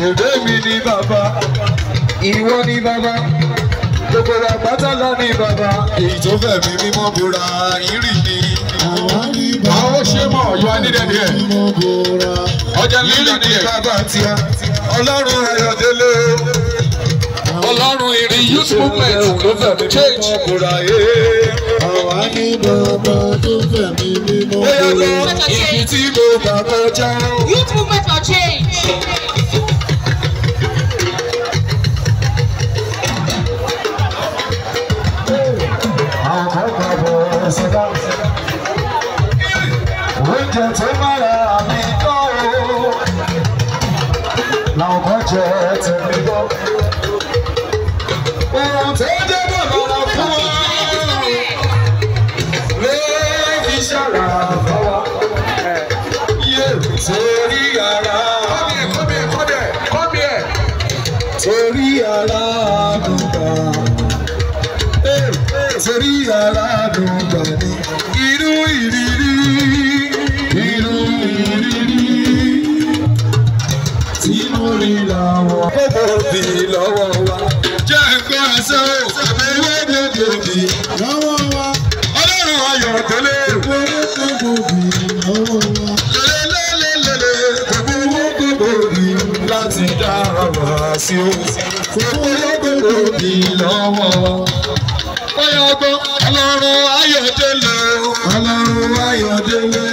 ṣèbémi ni bàbá ìwọ ni bàbá gbogbo àgbàtà lọ ni bàbá èyí tó fẹ̀mí mímọ́ bora ìrì ni àwọn ó ṣe mọ̀ ọ̀yọ́ anídẹ̀dẹ̀ ọjà lílì ni bàbá tiwa ọlọ́run ayọ̀délé ọlọ́run ìrì youth movement ló fẹ̀mí mímọ́ bora àwa ni bàbá tó fẹ̀mí mímọ́ bora ibi tí mo bàbá já. youth movement for change. jẹ tó bára mi kọ́ o làwọn kan jẹ tẹ̀mí gbọ́. ohun tó jẹ́ bàbá fún wa lè fi ṣàrà fún wa yé torí ara torí ara dùn kan torí ara dùn. sí o fún olóògbé òbí lọ́wọ́. ọyọ̀gbọ́n ọlọ́run ayọ̀délé. ọlọ́run ayọ̀délé.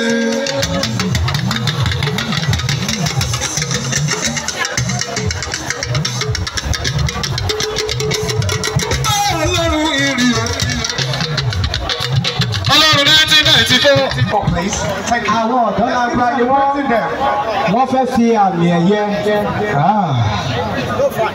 àwọn ọ̀dọ́ lágbára ni wọ́n fẹ́ fi àmì ẹ̀yẹ. Ah. I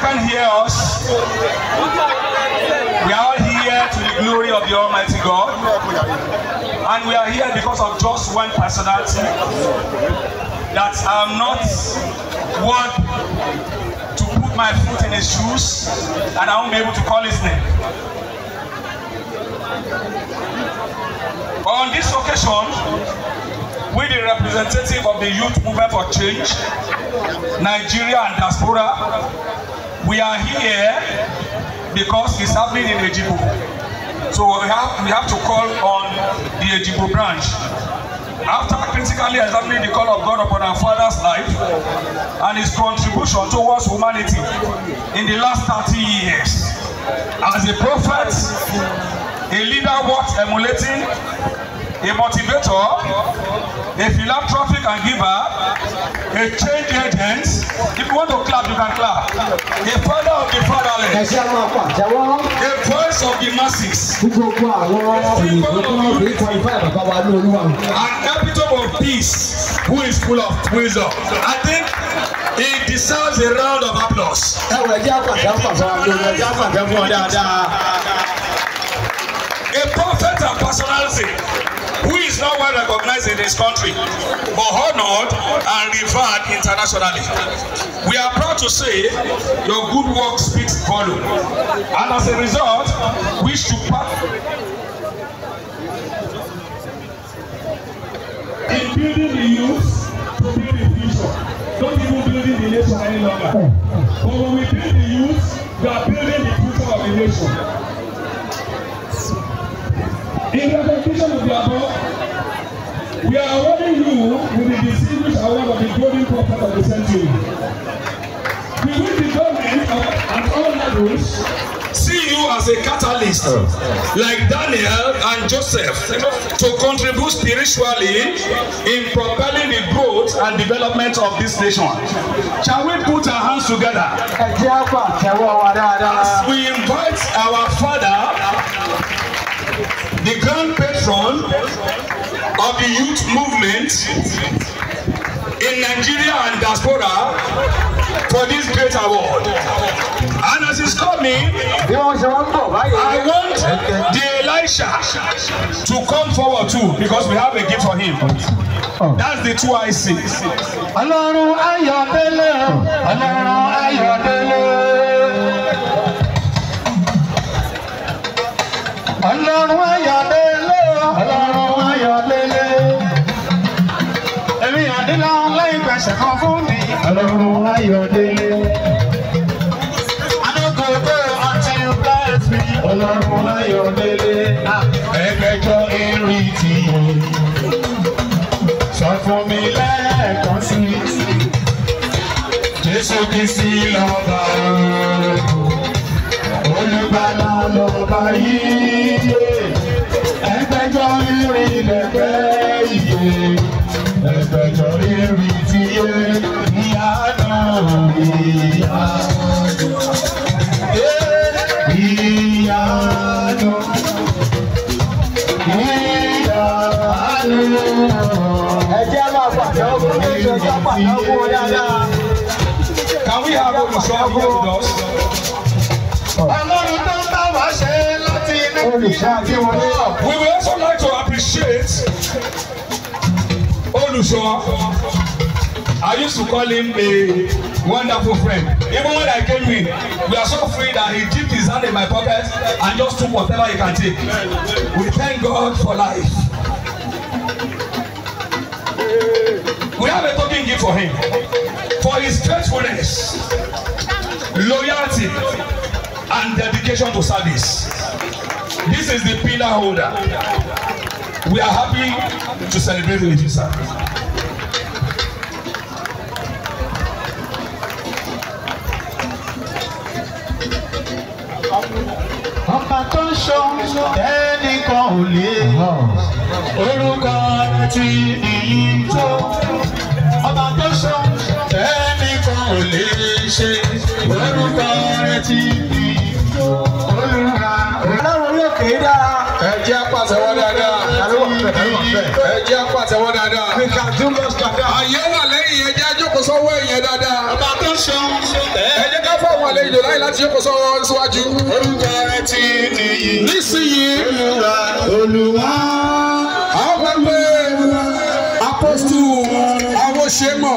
can hear us. We are all here to the glory of the Almighty God. And we are here because of just one personality that I'm not worth to put my foot in his shoes and I won't be able to call his name. On this occasion, with the representative of the Youth Movement for Change, Nigeria and Diaspora, we are here because it's happening in Ejibo. So we have, we have to call on the Ejibo branch after critically examining the call of God upon our father's life and his contribution towards humanity in the last 30 years as a prophet a leader worth emulating, a motivator, a philanthropic and giver, a change agent. If you want to clap, you can clap. A father of the fatherless, a voice of the masses, a an epitome of peace who is full of wisdom. I think he deserves a round of applause a prophet and personality who is not well recognized in his country but honored and revered internationally. We are proud to say your good work speaks volume and as a result we should pass. In building the youth to build the future, Don't even building the nation any longer. But when we build the youth, we are building the future of the nation. In the competition of Yabo, we are awarding you with the distinguished award of the Golden Prophet of the Century. We will be government at all levels see you as a catalyst oh. like Daniel and Joseph to contribute spiritually in propelling the growth and development of this nation. Shall we put our hands together as we invite our Father the grand patron of the youth movement in Nigeria and diaspora for this great award. And as it's coming, I want the Elisha to come forward too because we have a gift for him. That's the two I see. Ọlọ́run ayọ̀délé, Ọlọ́run ayọ̀délé. ọlọ́run ayọ̀délé ọlọ́run ayọ̀délé èmi àdínlá lẹ́yìn pẹ̀sẹ̀ kan fún mi ọlọ́run ayọ̀délé. Ọlọ́run ayọ̀délé ẹgbẹ́jọ́ eré ti yẹ. Sọ fún mi lẹ́ẹ̀kan sí i, Jésù kìí sí lọ́ba lọ́ba yíyé ẹgbẹ́jọ rírì lẹ́gbẹ́ iye ẹgbẹ́jọ rírì tíye ní àná ìyá. Can we have a song we will also like to appreciate olùṣọ́. I used to call him a wonderful friend. Even when I came in, we are so free that he dipped his hand in my pocket and just took whatever he can take. We thank God for life. We have a token gift for him for his faithfulness, loyalty, and dedication to service. This is the pillar holder. We are happy to celebrate with you, sir. Ọba tó ń ṣọ́ ẹnìkan ò lè orúkọ rẹ̀ ti tó. Ọba tó ń ṣọ́ ẹnìkan ò lè ṣe orúkọ rẹ̀ ti tó. Olúwa èyí dára. ẹ jẹ́ apàṣẹwọ́ dáadáa. ẹ jẹ́ apàṣẹwọ́ dáadáa. we wà lẹ́yìn ẹ jẹ́ ajókòó sọ́wọ́ dáadáa. ọba ká fọ àwọn àlejò láyé láti jókòó síwájú. orúkọ rẹ ti nìyí. nísìnyìí. olùwà àwọn pẹpẹ apostol àwọn ṣe mọ.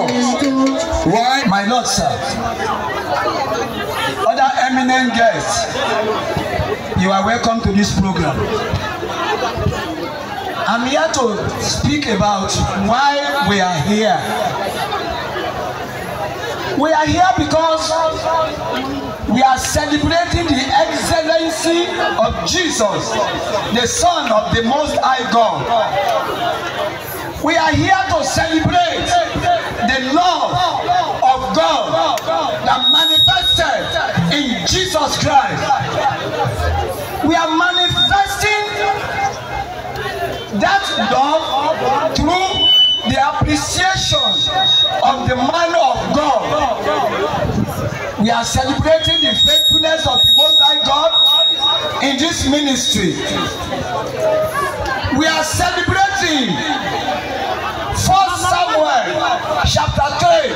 my lord sir. other eminent guests. You are welcome to this program. I'm here to speak about why we are here. We are here because we are celebrating the excellency of Jesus, the Son of the Most High God. We are here to celebrate the love of God that manifested in Jesus Christ. We are manifesting that love through the appreciation of the man of God. We are celebrating the faithfulness of the Most High God in this ministry. We are celebrating Samuel chapter three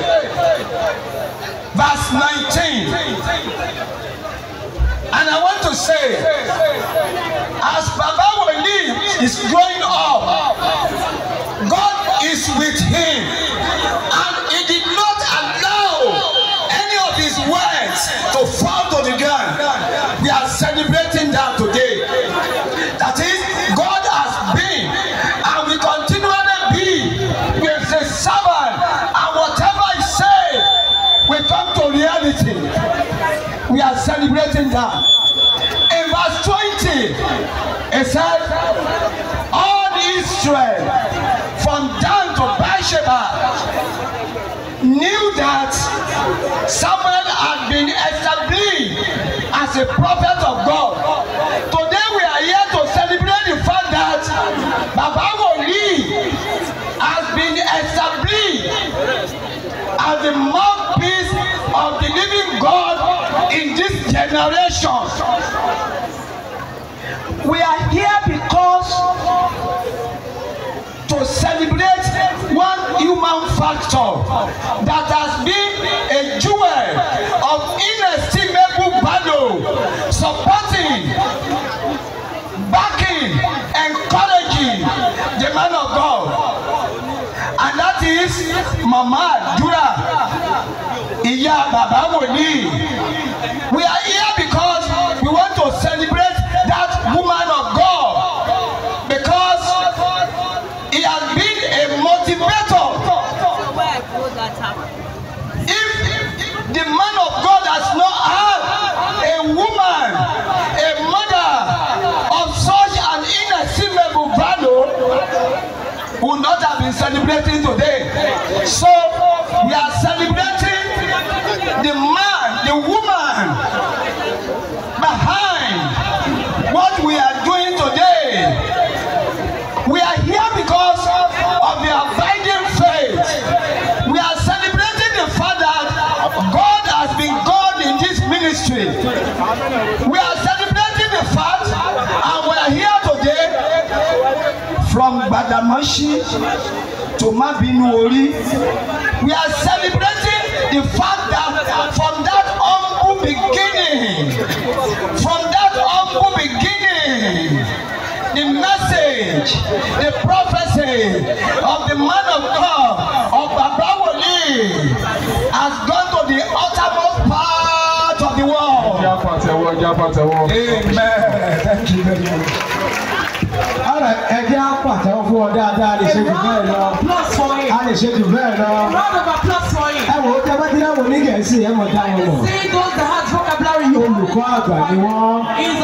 verse nineteen. And I want to say, as Baba Woli is growing up, God is with him, and he did not allow any of his words to fall to the ground. We are celebrating that today. celebrating that. In verse 20, it says, All Israel from Dan to Beersheba knew that Samuel had been established as a prophet of God. Today we are here to celebrate the fact that Baba Woli has been established as the mouthpiece of the living God in this generation. We are here because to celebrate one human factor that has been a jewel of inestimable value supporting backing encouraging the man of God and that is Mama Jura ìyá bàbá wòlíì we are here because we want to celebrate that woman of God because he has been a motivator if the man of God has not had a woman a mother of such an inestimable value would not have been celebrating today so we are celebrating the man, the woman behind what we are doing today. We are here because of the abiding faith. We are celebrating the fact that God has been God in this ministry. We are celebrating the fact and we are here today from Badamashi to Mabinu We are celebrating the fact that From that humble beginning, from that humble beginning, the message, the prophecy of the man of God, of Baba Woli, has gone pàtẹ́wọ́ ẹjẹ́ amen thank you very much. ara ẹjẹ́ pàtẹ́wọ́ fún ọ dáadáa lè ṣe jù bẹ́ẹ̀ lọ a lè ṣe jù bẹ́ẹ̀ lọ. ẹ wò ó tẹ́wọ́ tí wọ́n ní gẹ̀ẹ́sì ẹ mọ̀ dá wọn mọ̀. olùkọ́ àgbà ni wọ́n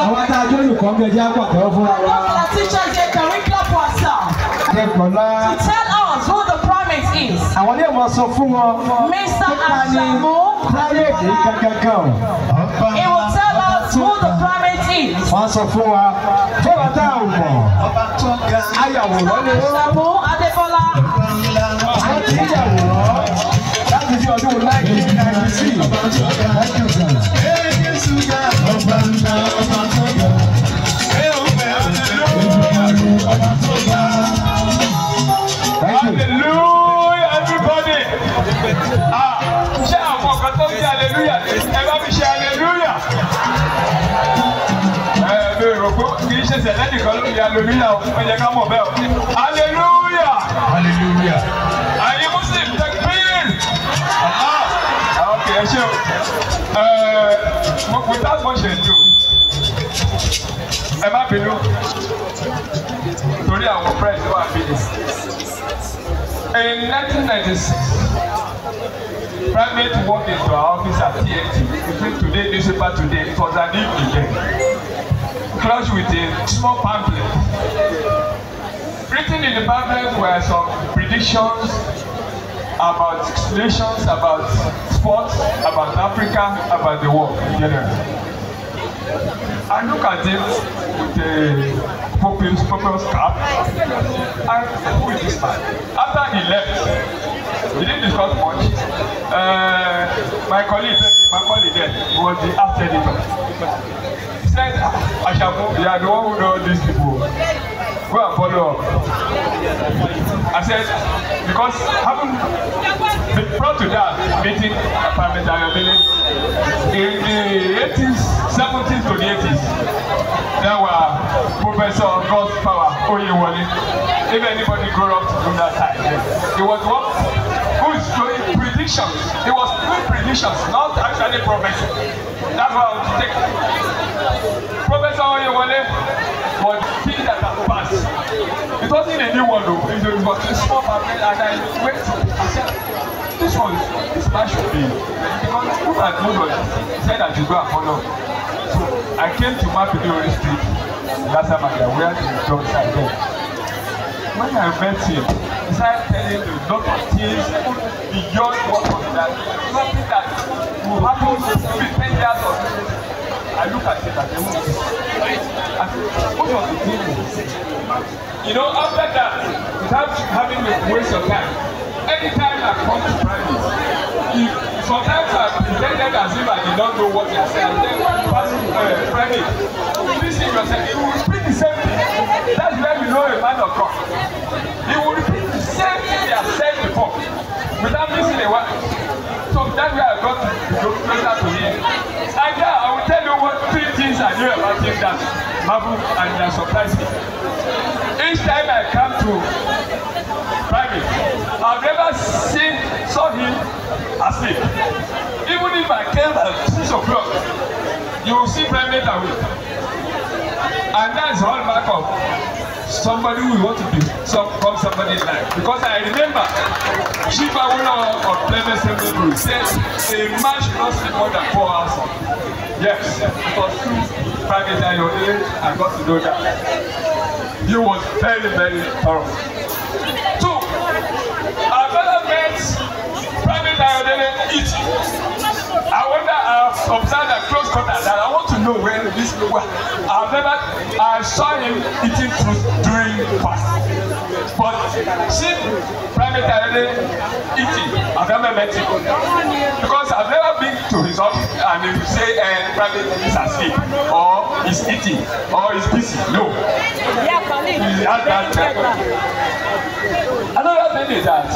àwọn tá a jó olùkọ́ ń gẹ̀ẹ́jẹ́ pàtẹ́wọ́ fún wa. to tell us who the promise is. àwọn ilé ìwọ̀n sọ fún wọn. Mr. Asamu. Táyé kì kankan kan what the climate is. wọ́n sọ fún wa tó wà tá à ń bọ̀. ayàwòrán ni wọ́n. Ṣàmú Adébọ́lá. wọ́n ti ń yàwòrán láti fi ọdún nineteen ninety three. ọba ń ta ọba tó yọ. Hallelujah, everybody! Ah, ṣé àwọn kan tó ń bí hallelujah ẹ bá mi ṣe. ṣẹ̀ṣẹ̀ lẹ́nìkan ló fi alòmínà ó yẹ ká mọ̀ bẹ́ẹ̀ o. hallelujah. hallelujah. ayé muslim takbir. ok ẹ ṣe o. without much ado ẹ má bínú torí àwọn friends wà bínú. In 1996, private walked into our office at TNT. Between today, newspaper today, it was an evening close with a small pamphlet. Written in the pamphlet were some predictions about nations, about sports, about Africa, about the world in general. I look at it with a purple, purple scarf and who is this man? After he left, he didn't discuss much. Uh, my colleague, my colleague then was the art editor business Ashafu, you are the one who know these people. Go and follow up. I said, because having been brought to that meeting parliamentary meeting in the 80s, 70s to the 80s, there were Professor God's Godspower Oyewole. If anybody grew up during that time, it was what? Who is showing predictions? It was doing predictions, not actually prophecy. That's why I would take Professor Oyewole, but things that have passed. It wasn't a new one though, it was a small family and I went to myself. This one, this man should be. Because who had nobody said that should go and follow. So I came to Mapidori Street last time I where the drugs are there. When I met him, he started telling me a lot of things beyond what was that. Something that will happen to me ten years or I look at it and then what was the feeling? You know, after that, without having to waste your time, anytime I come to practice, if sometimes I pretended as if I did not know what I said, and then pass uh, private, listen yourself, you will repeat the same thing. That's where you know a man of God. He will repeat the same thing they have said before, without missing a word of that way I got closer to him. And now I will tell you what three things I knew about him that marvel and that surprised me. Each time I come to private, I've never seen saw him asleep. Even if I came at six o'clock, you will see private awake. And that's all back up somebody we want to be, some, become somebody life. Because I remember Shibawuna of Clement Semblebu said a man should not sleep more than four hours. Yes, because private at your age, I got to know that. You was very, very thorough. Two, our fellow mates, private at your age, eating. I wonder, I've uh, observed at close quarters that I want to know where this Noah. I've never, I saw him eating fruit during fast. But see, primarily eating. I've never met him. Because I've never been to his office and he would say, "Uh, private is asleep, or he's eating, or he's busy. No. Yeah, he's that record. Another thing is that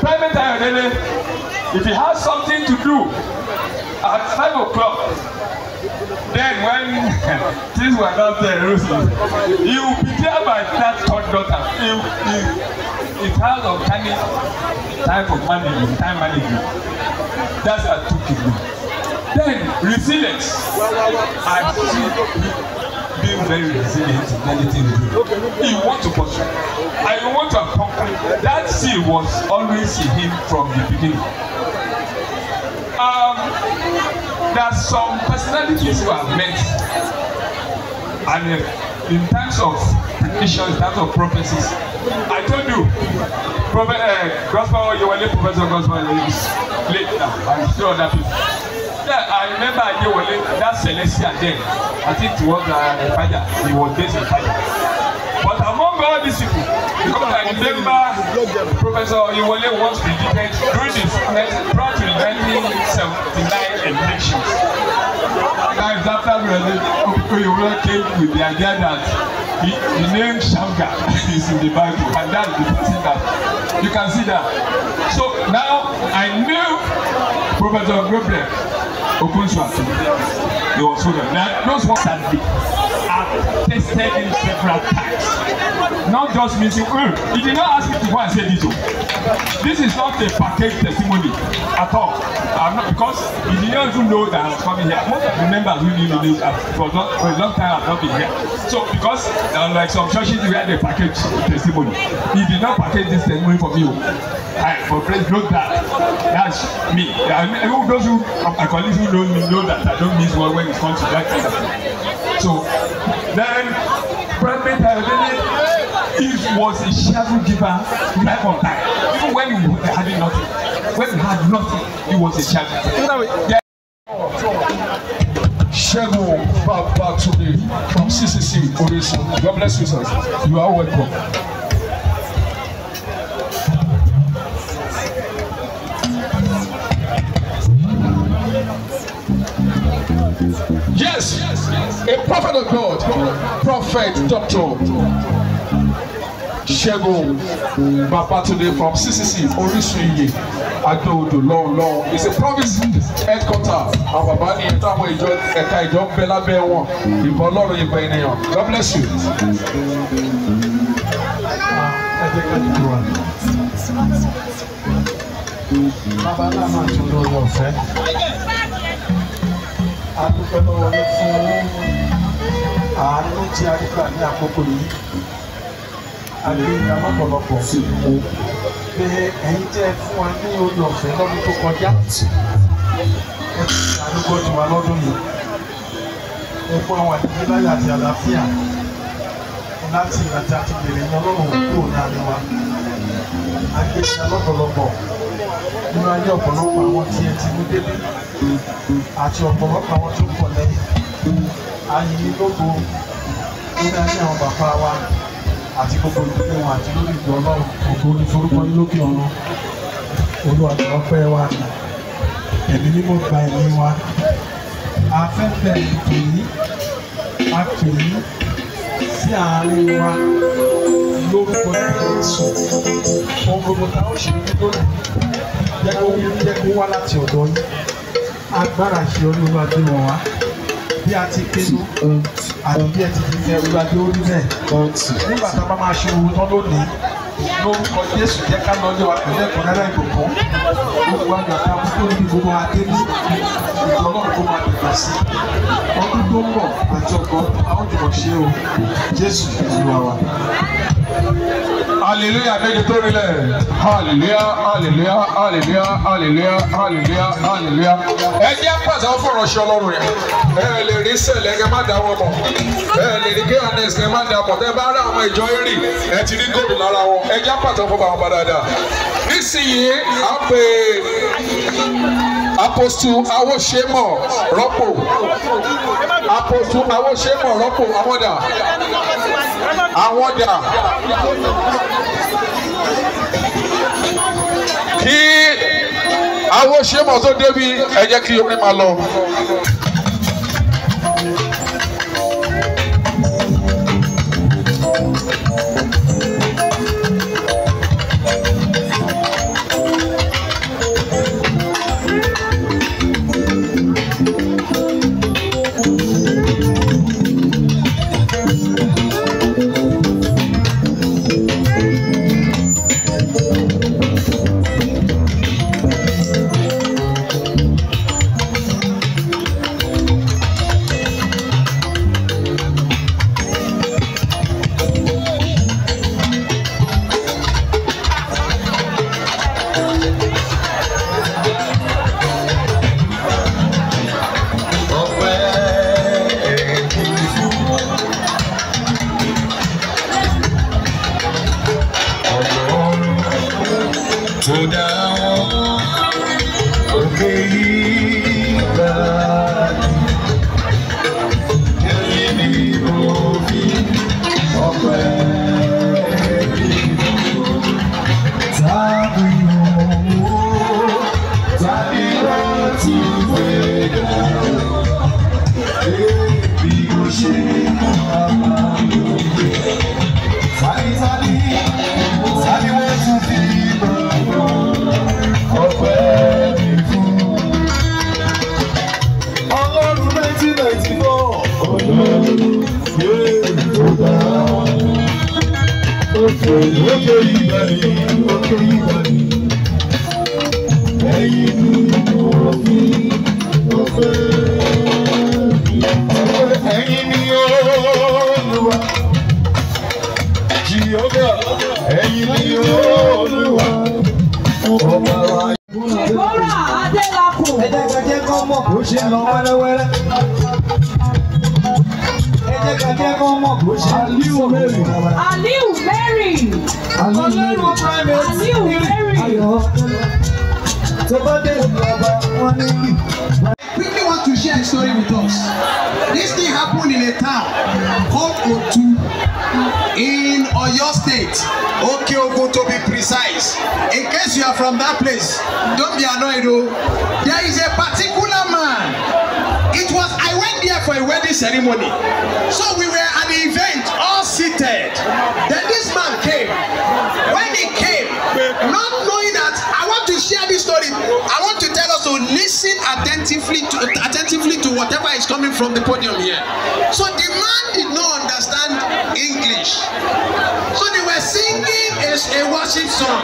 Primarily. If he has something to do at five o'clock, then when things were not there, he will be there by that third daughter. He, he, it has uncanny time of management, time management. That's a two kidney. Then resilience. I see feeling very resilient in anything you do. You want to pursue. I want to accomplish. That seed was always in him from the beginning. Um, there are some personalities who have met and uh, in terms of prediction in terms of prophecies i told you prophet uh, gospel oyewale professor gospel oyewale late now i'm sure that. people Yeah, I remember Adewale that Celestia then I think it was uh, Fada he was based in but among all these people because I remember Professor Oyewole once defeated during the prior to the 1979 elections. Times after Oyewole came with the idea that the, the name Shamgar is in the Bible, and that that's the person that you can see that. So now I knew Professor Gobrek Open shot. He was so good. Now, those ones are big have tested in several times. Not just me saying, mm, he did not ask me to go and say this. Oh. This is not a package testimony at all. I'm not, because he did not even know that I was coming here. Most of the members who knew me uh, for, for a long time have not been here. So because uh, like some churches you had a package testimony, he did not package this testimony for me. Oh. I for friends, know that. That's me. I mean, those who my colleagues who know me know that I don't miss one when it comes to that kind of thing so then President Elvini was a cheerful giver right on time even when he had nothing when he had nothing he was a cheerful giver. Segun Babatunde from CCC Orisun. God bless you, sir. You are welcome. Yes, a prophet of God, prophet, doctor. Ṣẹ́gun Babatunde from CCC Orísun Iye Agbóodò lọ́wọ́lọ́wọ́ is a province headquarter àwọn bàbá ní ìta àwọn ìjọ ẹ̀ka ìjọ ń bẹ lábẹ́ wọn ìbọn ọlọ́run ìbọn ènìyàn God bless you. Bàbá náà máa tún lórí ọ̀fẹ́ adúpẹ́ lọ́wọ́ yẹn fún àánú tí a gbà ní àkókò yìí àgbéyìn amákọ̀lọpọ̀ sí ìkó pé ẹ̀yin tẹ́ fún wa ní orí ọ̀fẹ́ lọ́dún tó kọjá ẹ ti àdúgbò tiwa lọ́dún yìí ẹ fún àwọn àdúgbò láyé àti àlàáfíà láti ìrántí àti bèrè ní ọlọ́run kúrò láàrin wa àgbéyìn amákọ̀lọpọ̀ nínú ayé ọ̀pọ̀lọpọ̀ àwọn tí ẹ ti mú délé àti ọ̀pọ̀lọpọ̀ àwọn tó ń pọ̀ lẹ́yìn ayé lógo nínú ayé àwọn bàbá wa àti gbogbo ìdílé wọn àti lórí ìjọ ọlọ́run ògo ní lókè ọ̀run olùwàjọ pẹ́ wa ẹ̀mí mímọ́ gba ẹ̀mí wa afẹ́fẹ́ ìpè yìí a pè yìí sí àárín wa lórúkọ Jésù ohun gbogbo táwọn ṣe ní lónìí jẹ́ kó jẹ́ kó wá láti ọ̀dọ̀ yín agbára ṣe olúwa bí wá bí a ti pinnu àti bí ẹ ti fi fẹ́ olúwa bí ó nígbà tá a bá máa ṣe owó tán lónìí lórúkọ Jésù jẹ́ ká lọ lé wa pẹ̀lú ẹ̀kọ́ náírà ìkọ̀kọ́ gbogbo wa gbà ká gbogbo adé ní ìjọ náà máa tẹ̀lé sí ọdún tó ń bọ̀ àti àwọn jùmọ̀ ṣe o Jésù fi wá wa hallelujah méjì tó rinlẹ̀ hallelujah hallelujah hallelujah hallelujah hallelujah hallelujah. ẹ jẹ́ pàṣẹ wọn fọ̀rọ̀ ṣe ọlọ́run yẹn Eh, lè rí sẹ̀lẹ̀ kẹ́ má dá wọn mọ̀ ẹ lè rí kns kẹ́ má dá mọ̀ tẹ́ bá rí àwọn ìjọ eré ẹ ti rí góòlù lára wọn ẹ jẹ́ pàṣẹ wọn fọ̀rọ̀ àwọn apostle awosemọ rọ́pò apostle awosemọ rọ́pò awọdà awọdà kí awosemọ tó débi ẹ jẹ́ kí orin máa lọ. mọ̀ kó ṣe lọ wẹ́rẹ́wẹ́rẹ́. ẹ jẹ́ ká jẹ́ Aliu Mary. Aliu Mary. Aliu Mary. tó bá dé Quickly want to share a story with us. This thing happened in a town called Otu in Oyo State, Okeogun to be precise. In case you are from that place, don't be annoyed o. Oh. There is a particular for a wedding ceremony. So we were at the event, all seated. Then this man came. When he came, not knowing that I want to share this story, I want to tell us to listen attentively to attentively to whatever is coming from the podium here. So the man did not understand English. So they were singing a, a worship song.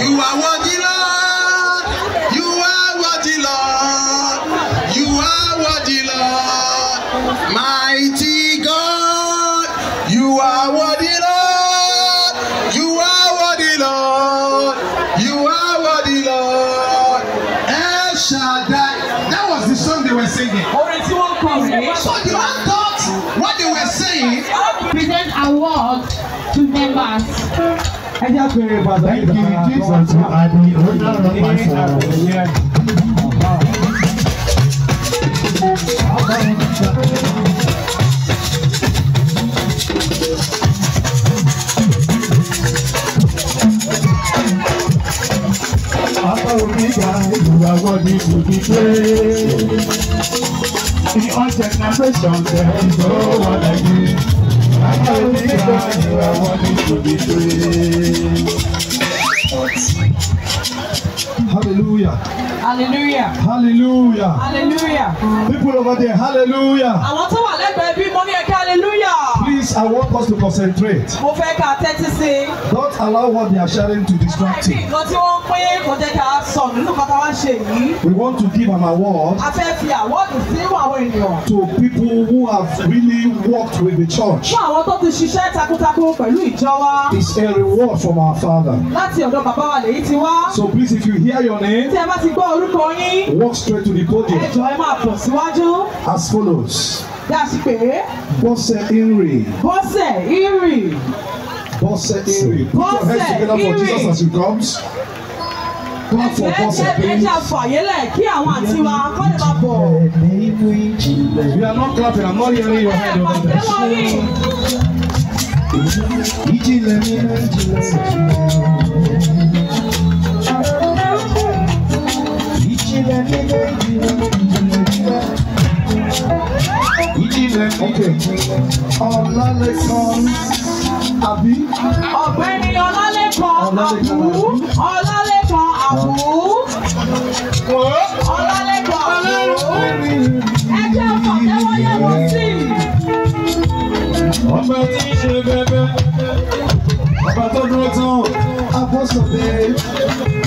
You are worthy, Lord. You are worthy, Lord. You are worthy, Lord. Mighty God, you are worthy, Lord. You are worthy, Lord. You are worthy, Lord. El Shaddai. That was the song they were singing. So the man thought what they were saying. Present award to members. Thank you, Jesus. You are the only one. The on generation can go on like this. I know the God you are wanting to be free. Hallelujah. Hallelujah. Hallelujah. Hallelujah. People over there, hallelujah. Àwọn tó wà lẹ́gbẹ̀ẹ́ bí which I want us to concentrate. Mo fẹ́ ká tẹ́tí sí. Don't allow what they are sharing to distract you. Nǹkan tí wọ́n pín kò jẹ́ ká sọ nínú kan wá ṣe yìí. We want to give an award. A fẹ́ fi àwọ́dù sí àwọn ènìyàn. To people who have really worked with the church. Fún àwọn tó ti ṣiṣẹ́ takuntakun pẹ̀lú ìjọ It's a reward from our father. Láti ọ̀dọ̀ bàbá wa lèyí ti wá. So please if you hear your name. Tí ẹ bá ti gbọ́ orúkọ yín. Walk straight to the podium. Ẹ jọ ẹ máa pọ̀ síwájú. As follows. That's pé. Bọ́sẹ̀ Inri. Bọ́sẹ̀ Inri. Bọ́sẹ̀ Inri. Put your hands together for Jesus as he comes. Clap for Bọ́sẹ̀ please. Ẹ are not clapping, I'm not hearing your head Ìjìnlẹ̀ mi ń jìnlẹ̀. Ìjìnlẹ̀ mi ń jìnlẹ̀ ìjìnlẹ̀ okay ọ̀làlẹ̀kan àbí. ọ̀gbẹ́ni ọ̀làlẹ̀kan àbú ọ̀làlẹ̀kan àbú ọ̀làlẹ̀kan àbú ẹgbẹ́ ọ̀fọ̀tẹ́wọ́ yẹn wọ́n sí. ọba tí ń ṣe bẹ́ẹ̀ ọba tó dúró tán abọ́sọ̀dé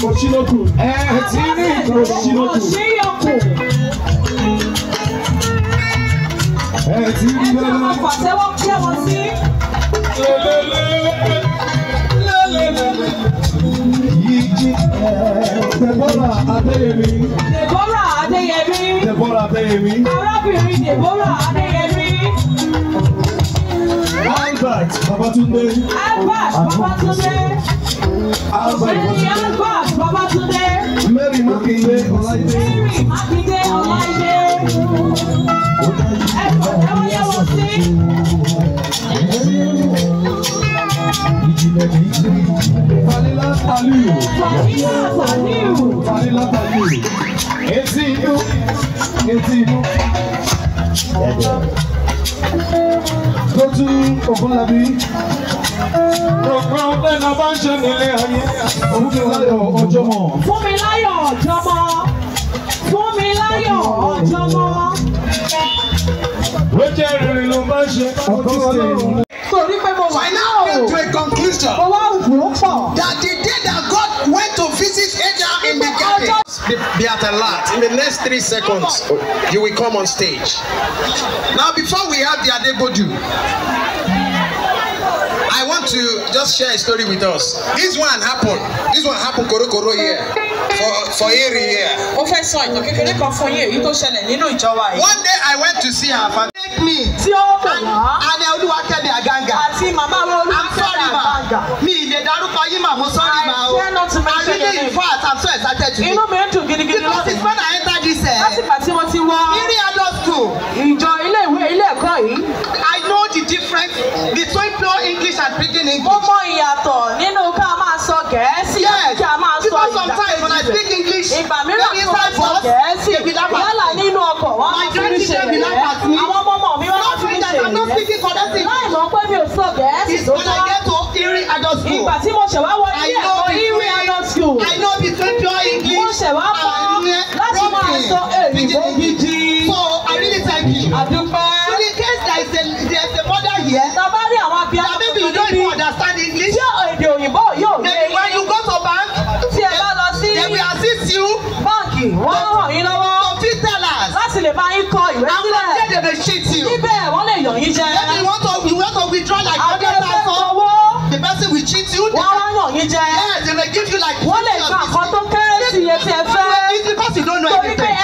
òṣìlókù ẹ̀ tí ní ìtọ́ òṣìlókù ẹ ti rí bẹ́ẹ̀. ẹ jẹ́ ọmọ pàtẹ́wọ́ kí ẹ wọ́n Debora Adéyẹmí. Debora Adéyẹmí. Debora Adéyẹmí. Arábìnrin Debora Adéyẹmí. Albert Babatunde. Albert Mary Makinde Ọláìdé. Mary Makinde Ọláìdé. Ẹ̀fọ́ ẹ̀wọ́n yẹ wọ́n sí. Ìjìnlẹ̀ kì í ṣe. Falila Taliu. Falila Taliu. Falila Taliu. Etí inú. Etí inú. Lótú Ogunlabi gbogbo ọgbẹ́ náà to a conclusion. that the day that God went to visit Hagar in the garden. Beatalat, in the next three seconds, you will come on stage. Now, before we have the Adebodu, want to just share a story with us. This one happened. This one happened Koro koro here. For for here here. Mo fẹ́ sọ ìtàn kékeré kan fún yín èyí tó ṣẹlẹ̀ nínú ìjọ yìí. One day I went to see her father. Take me. Tí ó kò wá. Adé Olúwakẹ́mi Àgàngà. Àti màmá wa Olúwakẹ́mi Àgàngà. Mi ì lè darúkọ yín mà mo sọ́rí ma o. I dare not to mention your name. I really in fact I'm so excited today. Inú mi ń dùn gidigidi lọ́sìn. Because it's when I enter this. Eh, Láti gbà tí mo ti wọ. Iri adult school. Ìjọ ilé ìwé ilé ẹ̀kọ́ yìí difference between pure English and pidgin English. Mo mọ ìyàtọ̀ nínú ká máa sọ Gẹ̀ẹ́sì àti ká máa sọ ìdàkejì rẹ̀. Yes, because sometimes when I speak English, ìgbà mìíràn tí wọ́n sọ Gẹ̀ẹ́sì yálà nínú ọkọ̀ wọn máa fi mí ṣe rẹ̀. Àwọn ọmọ ọmọ mi wọ́n máa fi mí ṣe rẹ̀. Láì mọ̀ pé mi ò sọ Gẹ̀ẹ́sì tó tọ́. Ìgbà tí mo ṣẹ̀ wá wọ ilé ẹ̀kọ́ ìwé adult school. I know between pure English. Mo ṣẹ̀ wá mọ́ láti máa sọ èdè gidi. So I really thank you. Àdúpẹ́. don't even understand English. Ṣé èdè òyìnbó yóò yé yín? Then when you go to bank. Tí ẹ bá lọ sí. They will assist you. Báǹkì wọ́n ràn yín lọ́wọ́. Complete tellers. Láti lè bá yín kọ ìwé sílẹ̀. Àwọn ọ̀dẹ́ dey cheat you. Níbẹ̀ wọ́n lè yàn yín jẹ. Then you want to you want to withdraw like hundred thousand. Àgbẹ̀fẹ́ The person will cheat you. Wọ́n á yàn yín jẹ. Yes, they may give you like. Wọ́n lè gba nǹkan tó kéré sí iye tí ẹ fẹ́. because you don't know anything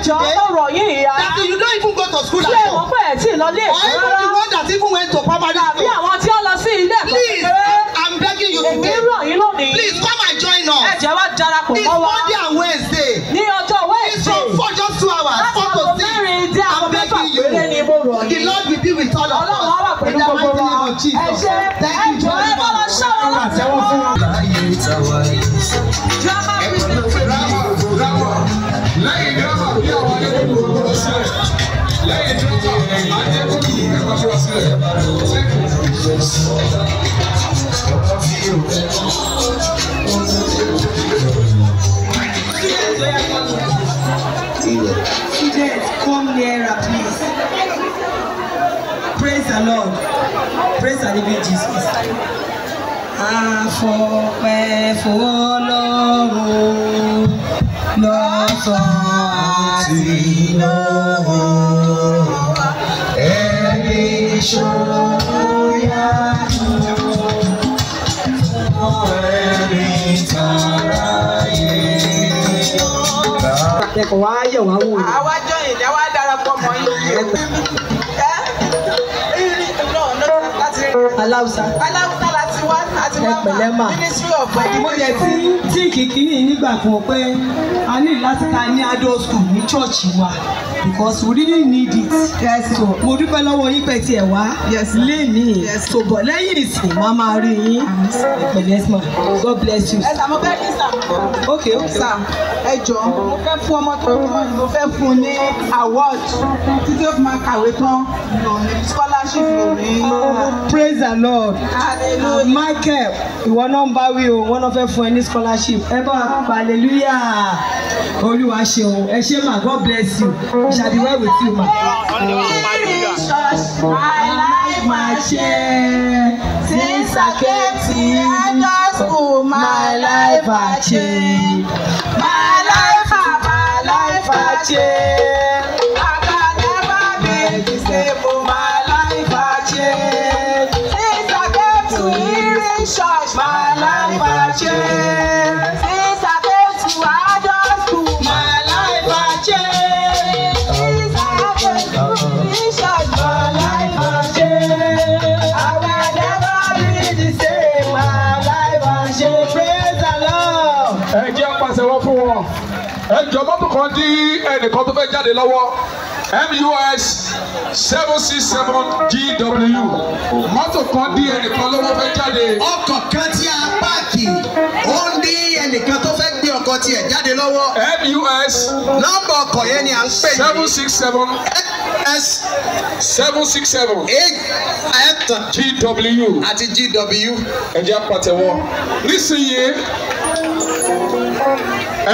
ẹjọ́ ọ̀rọ̀ yìí ya. that you don't even go to school at all. ṣé mo pẹ́ ẹ̀ tí lọ ilé ẹ̀kọ́ rárá. or even the one that even went to primary school. tàbí àwọn tí ó lọ sí ilé ẹ̀kọ́ kékeré. please I'm begging you today. èmi rọ̀ yín lónìí. please come and join us. ẹ jẹ́ wá darapọ̀ mọ́ wa. it's Monday and Wednesday. ní ọjọ́ Wednesday. it's from four just two hours. láti aago mẹ́rin dé aago mẹ́fà péré the Lord will be with all of us. Students, come nearer, please. Praise the Lord. Praise the living Jesus. Àfọ̀pẹ́ fọlọ́run lọ́sọ̀ọ́ àti lọ́wọ́ akẹ́kọ̀ọ́ wa yẹ̀ wá wò. àwa jọ ìdá wa darapọ̀ aláwùsá. aláwùsá ẹpẹ̀lẹ́ mà. mo yẹ tí tí kìkìrì nígbà kan pé a ní láti ka ní adult school ní church wa because we really need it. yes so mo dúpẹ́ lọ́wọ́ yín pẹ̀ tiẹ̀ wá. yes lé mi. yes so bọ̀ lẹ́yìn ìsìn máa máa rí yín. ẹpẹ̀lẹ́ mà God bless you. ẹ sàmọ́ bẹ́ẹ̀ ní sàmọ́. ok ok sàmọ́ ẹ jọ mo fún ọmọ tuntun mo fún ní award títí ó fi máa kàwé tán scholarship lò oh, praise the lord hallelujah michael ìwọ náà ń bá wí o wọn náà fẹ́ fún ẹ ní scholarship ẹ bá pa hallelujah olúwa ṣeun ẹ ṣe ma god bless you we shall be well with you ma. Jesus, I like my chair. I Saketi Elder School, my life has changed. My life, my life has changed. ẹjọ mọ́tò kan dí ẹnìkan tó fẹ́ jáde lọ́wọ́ MUS seven six seven GW mọ́tò kan dí ẹnìkan lọ́wọ́ fẹ́ jáde. ọkọ̀ kan tí a páàkì ó ń dí ẹnìkan tó fẹ́ gbé ọkọ̀ tiẹ̀ jáde lọ́wọ́. MUS nọ́mbà ọkọ̀ yẹn ni à ń pè ní. seven six seven. S seven six seven eight GW àti GW ẹ jẹ́ pàtẹ́wọ́ nísìnyí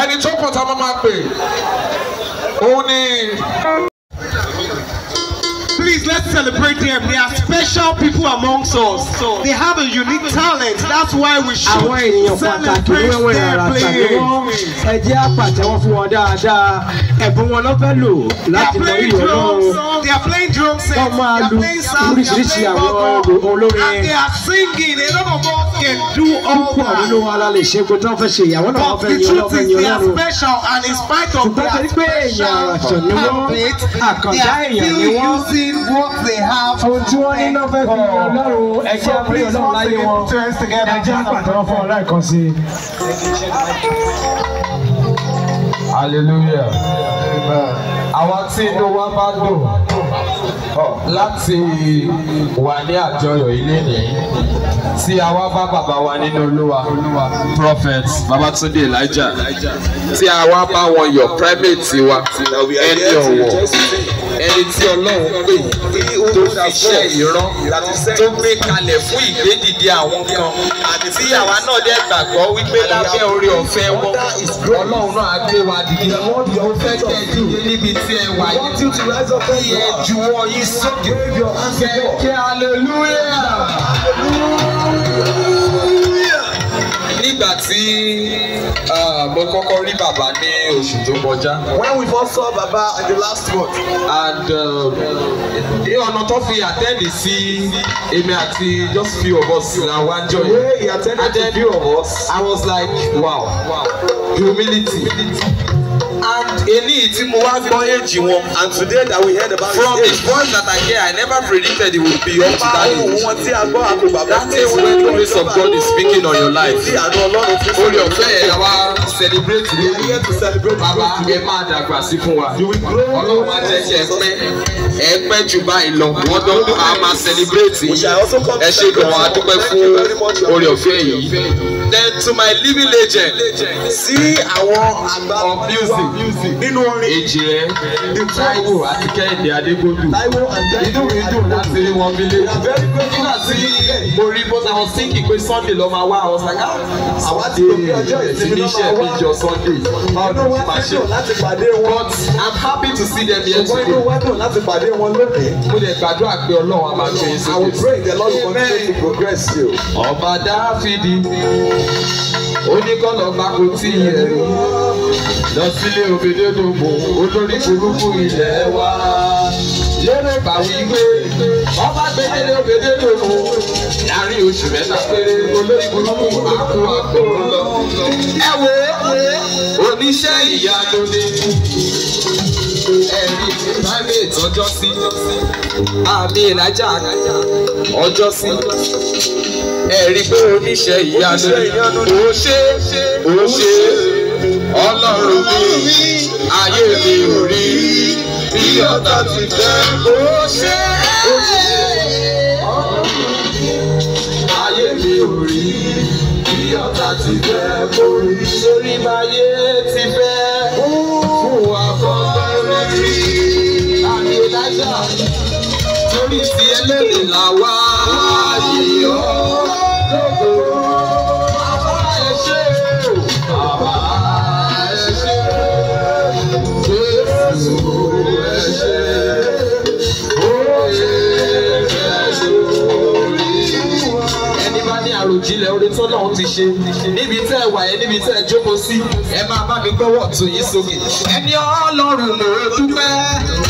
ẹni tó kàn tá a máa máa pè òun ni let's celebrate them. They are special people amongst us. So they have a unique talent. That's why we should celebrate ènìyàn pàtàkì wẹ́wẹ́ rárá tàbí wọ́n ẹ jẹ́ àpàtẹ́wọ́ fún wọn dáadáa ẹ̀bùn wọn ló fẹ́ lò láti mọ iyọ̀ náà wọ́n máa lu oríṣiríṣi àwọn olórin púpọ̀ nínú wa la lè ṣe kó tán fẹ́ ṣe ìyàwó náà wọ́n fẹ́ yan lọ́wọ́ fẹ́ yan lọ́rùn ṣùgbọ́n what they have. ohun tí wọ́n ní náà fẹ́ fi ọlọ́run ẹ̀jẹ̀ àbúrò ọlọ́run láyé wọn ẹ̀jẹ̀ àpàtàn fún ọlá ìkan sí i. want to tí inú wa bá dùn láti wà ní àjọyọ̀ ilé ní tí a wá bá bàbá wa nínú olúwa prophet Babatunde Elijah tí a wá bá wọn yọ̀ primate wa ẹni ọ̀wọ̀ ẹni tí ọlọ́run pè tó fiṣẹ́ ìran tó gbé kalẹ̀ fún ìgbédìde àwọn kan tí àwa náà dẹ́ gbàgbọ́ wípé lábẹ́ orí ọ̀fẹ́ wọn ọlọ́run náà á gbé wa dìde ó fẹ́ kẹ́ ẹ dìde níbi tí ẹ wà yìí kí ẹ juwọ́ yìí so gave your answer. to God. Hallelujah. Nígbà tí mo kọ́kọ́ rí bàbá ní oṣù tó kọjá. When we first saw Baba at the last month. And um, ní ọ̀nà tó fi àtẹ́ndì sí èmi àti just few of us na wá jọ yẹn. The way he attended to few of us. I was like wow, wow. humility. humility eléyìí tí mo wá gbọ́ èjì wọn. and today that we heard about from the voice that I hear I never predicted it would be your to that age. ohun tí a gbọ́ àpò bàbá. that is when the grace of God is speaking on your life. ti àná ọlọ́run fún mi. orí ọ̀fẹ́ yẹn wá celebrate ní ayé to celebrate. bàbá ẹ máa dàgbà sí fún wa. ọlọ́run máa jẹ́ kí ẹ pẹ́ ẹ pẹ́ jù báyìí lọ. wọ́n tó a máa celebrate. ẹ ṣe gan-an a dúpẹ́ fún orí ọ̀fẹ́ yìí. Then to my living legend. Sí àwọn àgbà music nínú orin. Èjìrẹ́ Táíwò àti Kẹ́hìndé Adégbòdù. Táíwò àti Kẹ́hìndé Adégbòdù. Inú mi dùn láti rí wọn bílé. Nígbà tí mo rí bó ta wọn sínkì pé Sunday lọ máa wá àwọn sàgá. Ah, àwa ti rò pé ọjọ́ ìsinmi Ti ní iṣẹ́ mi jọ Sunday. Báwo ni mo máa ṣe? Láti pàdé wọn. But I'm happy to see them here today. Ṣùgbọ́n inú wa dùn láti pàdé wọn lónìí. Mo lè gbàdúrà pé Ọlọ́run á máa gbé e sókè. I will pray the Lord continue to progress you. Ọba Dáfídì oníkọ́lọ̀ gbàgbó tí yẹ lọ sílé òbèdè tó bò olórí burúkú ilẹ̀ wa lérè bàwí gbé ọba gbẹdẹdẹ òbèdè tó bò láàrin oṣù mẹ́ta péré olórí burúkú àkó àkó lọ. ẹ wo oníṣẹ́ ìyanu ni ẹni tí báyìí tọjọ́ sí àmì ìlàjà ọjọ́ sí ẹ̀rí pé oníṣẹ́ ìyanu ò ṣe ò ṣe ọlọ́run mi ayé mi ò rí bí ọ̀tá ti fẹ́ ò ṣe ò ṣe ayé mi ò rí bí ọ̀tá ti fẹ́ kò rí sórí báyé ti fẹ́. ẹlẹ́rìí làwa yìí ọ́ lógo. àròjinlẹ̀ orin tó náà ti ṣe níbi tẹ́ ẹ wà yẹn níbi tẹ́ ẹ jókòó sí ẹ máa bá mi gbọ́wọ́ tù yín sókè. ẹni ọlọ́run mò ń dúpẹ́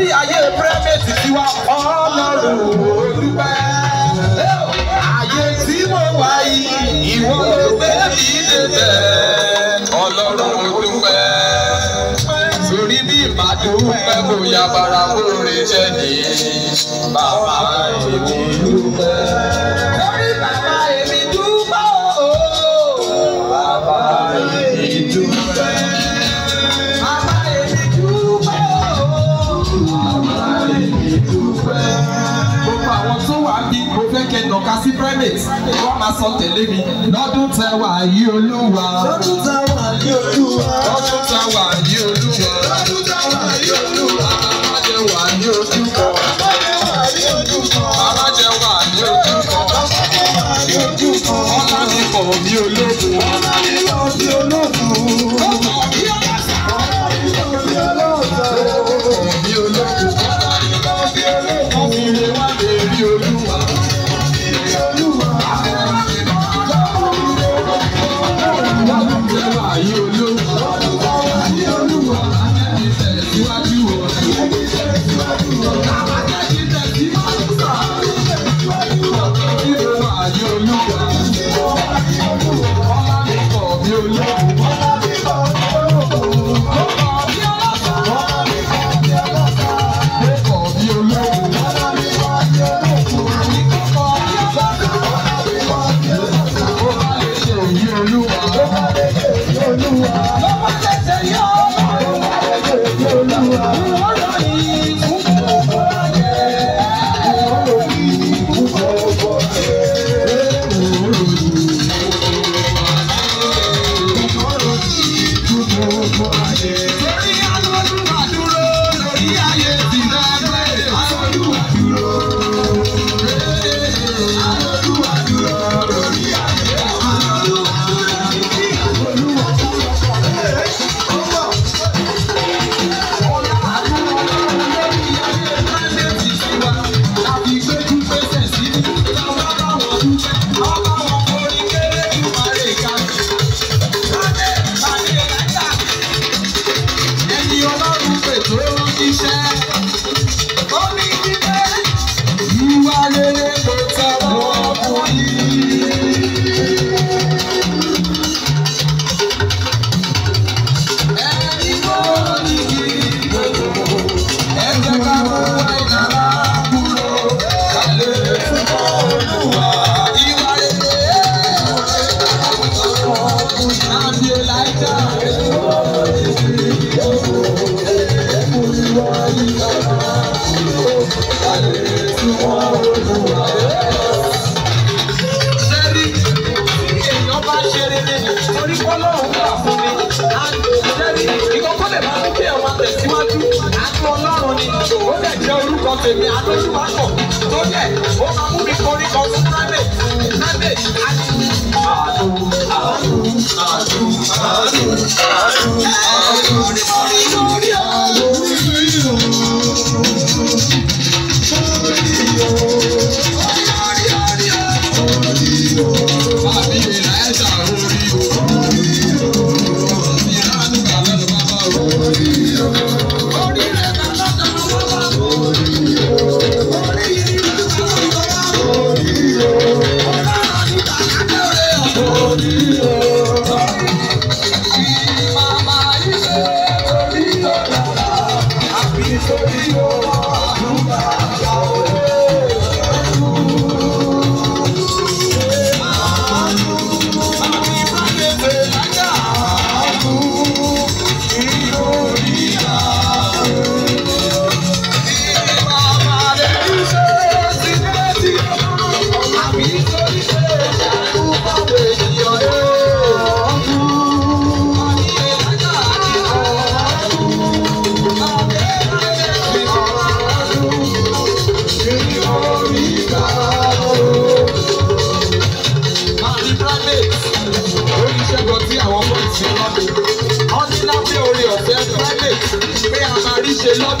torí ayé pírẹ́mẹ̀tì tiwa ọlọ́run olùpẹ́. ayé tí mo wá yìí ìwọ ló gbé mi débẹ̀ ọlọ́run olùpẹ́. torí bí ìbádùúpẹ́ kò ya bara kó rẹ jẹ́ ní bàbá ìwọ olùpẹ́. sí private wọ́n máa sọ tẹ̀lé mi. lọ́dún tẹ wà yí olúwa. lọ́dún tẹ wà yí olúwa. lọ́dún tẹ wà yí olúwa.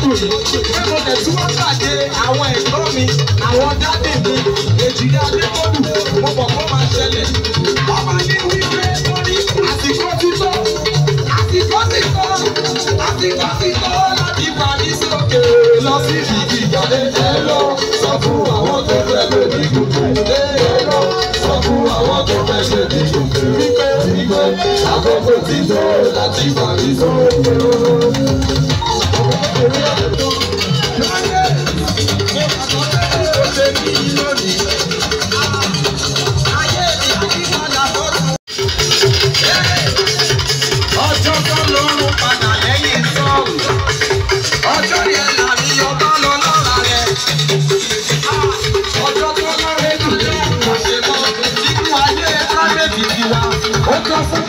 pè pé mo tẹ̀ tí wọ́n pàdé àwọn ẹ̀gbọ́n mi àwọn dádì mi èjì adé kọ́dù mo mọ̀ kó máa ṣẹlẹ̀. ọba ní wípé mo ní àsìkò títọ́ àsìkò títọ́ àsìkò títọ́ láti parí sókè lọ sí ìdí ìjàdé ẹ lọ sọ fún àwọn tó fẹ́ lórí gbogbo ẹ lọ sọ fún àwọn tó fẹ́ ṣe ní gbogbo wípé wípé àkókò títọ́ láti parí sókè.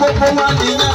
kókó wá nìyẹn.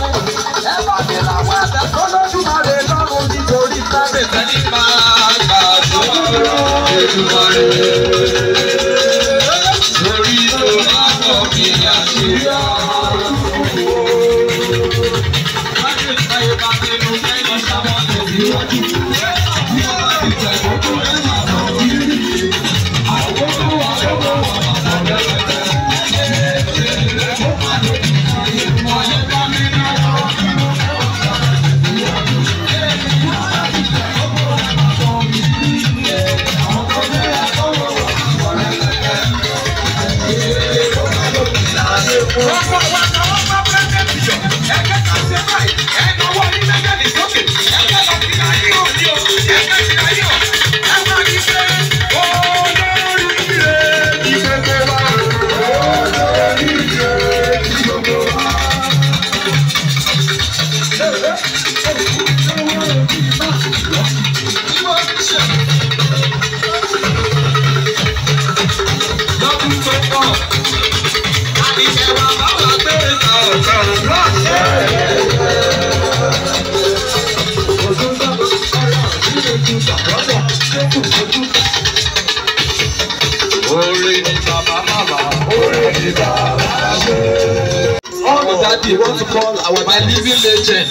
my living legend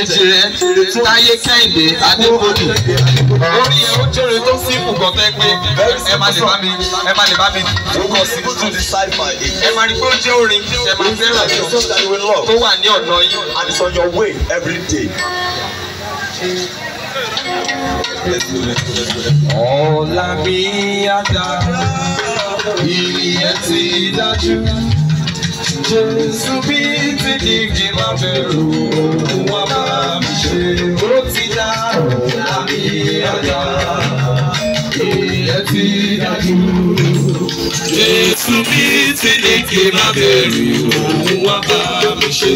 èjìrẹ́ táyé kẹ́hìndé adékòdù orí ẹ ó jẹ́rìí tó sípù kan tẹ́ pé ẹ má lè bá mi ẹ má lè bá mi kókò sí tún ẹ má rí pé ó jẹ́ orin ẹ má rí pé ó jẹ́ orin tó wà ní ọ̀nà yìí. and it's on your way every day. ọ̀la mi á dá ìrìn ẹ̀ ti dájú. Jésù bí tìdíje má bẹ̀rù òun wá bá mi ṣe. Ó ti dá àmì àjà ìyẹn ti dájú. Jésù bí tìdíje má bẹ̀rù òun wá bá mi ṣe.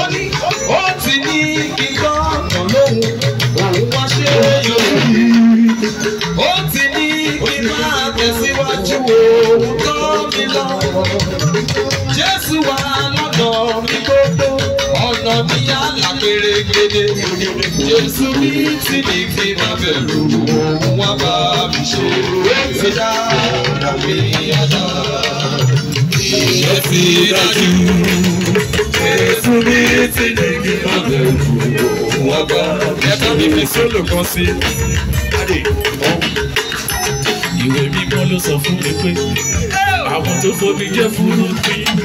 Ó ní ó ti ní kíkọ́ ọ̀nà lóhùn òun wá ṣe yòókì. Ó ti ní kí n máa tẹ̀síwájú òun tọ́ mi lọ wá lọ́dọ̀ mi gbogbo ọ̀nà mi á là kérégbèdé. Jésù mi tí mi fi máa bẹ̀rù òun wá bá mi ṣe ti dára mi ọ̀dà. Ìṣẹ́ ti dájú. Jésù mi tí mi fi máa bẹ̀rù òun wá bá mi ṣe. Ẹ̀ka mi fi sólò kan sí. Ìwé mímọ́ ló sọ fún mi pé àwọn tó fobi jẹ́ fúrúfin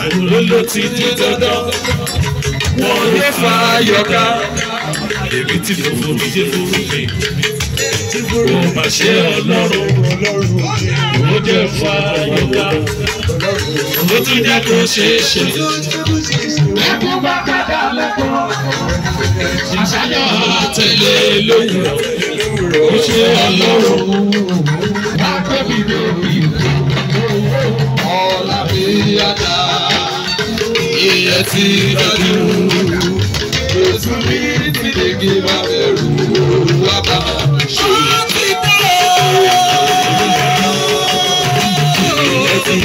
òun ló ló ti di dandan wọn lè fa yọká èmi tí mo forí jẹ forí mi kò má ṣe ọlọ́run ó jẹ́ fa yọká ó tún jẹ́ kó ṣe é ṣe. ẹkún bá kàdá lẹ́kọ̀ọ́ àṣàyàn àtẹlẹ lóyún ó ṣe ọlọ́run bá pẹ́ mi lórí ọ̀la bí yàtá ilẹ̀ ti dọ́jú. Jésù ní tìdégé máa bẹ̀rù wá bá ṣe. Ilẹ̀ ti dọ́jú. Jésù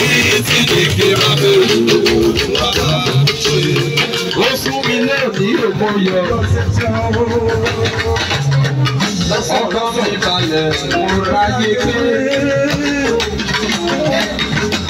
ní tìdégé máa bẹ̀rù wá bá ṣe. Ó fún mi lẹ́ẹ̀mí òmòyọ̀. Ọkọ mi balẹ̀, mo ráyé pé.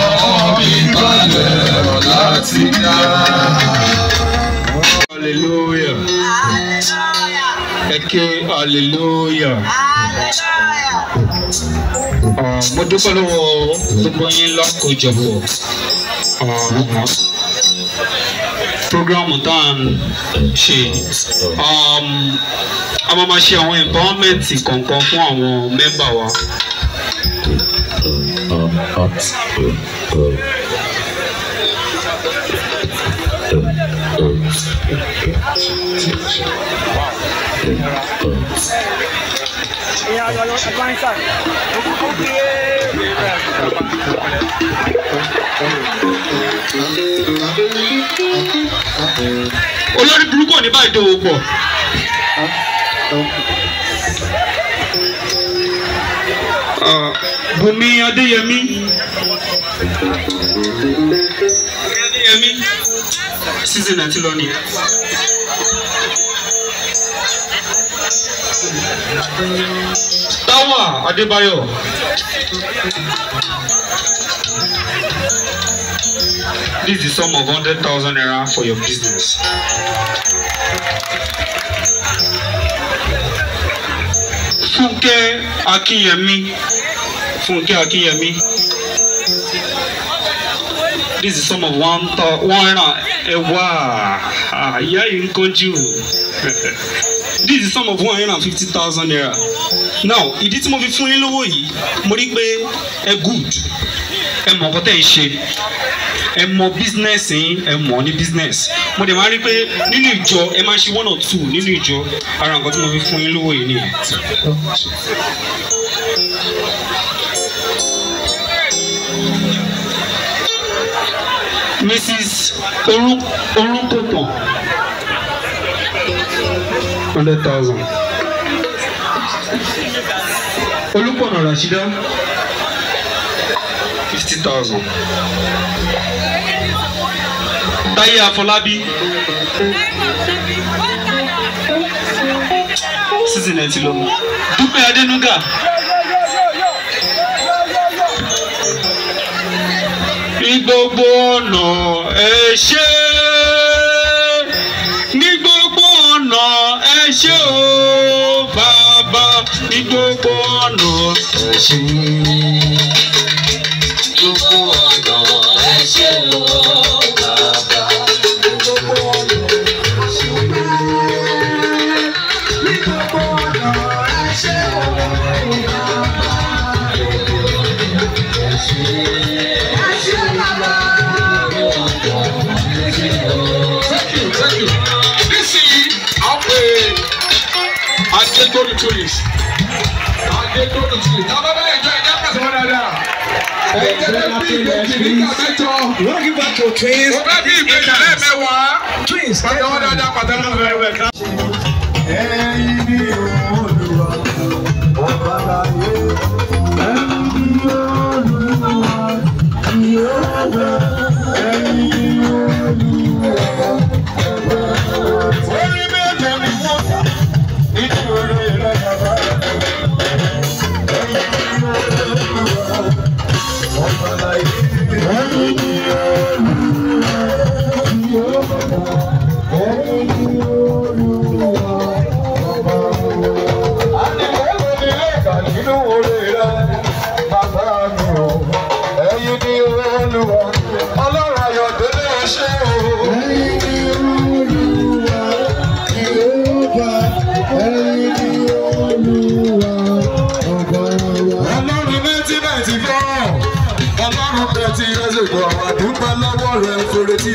ọwọ́ mi balẹ̀ láti hallelujah hallelujah. mo dúpẹ́ lọ́wọ́ gbogbo yín lọ́kọ̀ọ́jọ̀pọ̀ programu tá à ń ṣe a máa ma ṣe àwọn empowerment kọ̀ọ̀kan fún àwọn mẹ́mbà wa up to um, um, um, olórí burúkú ò ní báyìí dòwò pọ̀. Bùnmi Adéyẹmí Adéyẹmí season àti lọ nìyẹn. Táwà Adébáyọ̀. This is some of hundred thousand naira for your business. fúnkẹ́ akínyẹmí fúnkẹ́ akínyẹmí this is some of one thought one ẹwà àyà yìí ń kojú this is some of one hundred and fifty thousand naira now ìdí tí mo fi fún yín lówó yìí mo rí pé ẹ good ẹ mọ̀ ọkọ tẹ́ ń ṣe ẹ mọ̀ business yín ẹ mọ̀ ní business mo dẹ̀ máa rí pé nínú ìjọ ẹ máa ṣe one or two nínú ìjọ ara nǹkan tí mo fi fún yín lówó yìí nìyẹn. Mrs. Orunkotan hundred thousand Olúpọ̀nà Rashida fifty thousand. Táyé Àfọlábí season ẹ ti lọ Dúpẹ́ Adénúgà. ní gbogbo ọ̀nà ẹ ṣé ní gbogbo ọ̀nà ẹ ṣé o bàbá ní gbogbo ọ̀nà ẹ ṣé. dé tó ní two years adé tó ní two years tábà bẹ́ẹ̀ jọ ìjà pàṣẹ wọn dáadáa. Ẹ̀jẹ̀ bẹ́ẹ̀ bí ìbejì ní kàmẹ́jọ. Wọ́n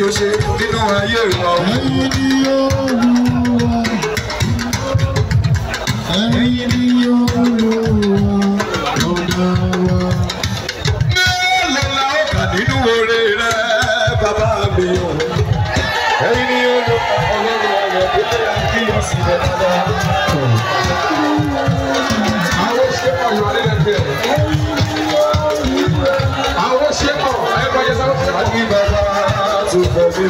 ó ṣe nínú ayé wọn.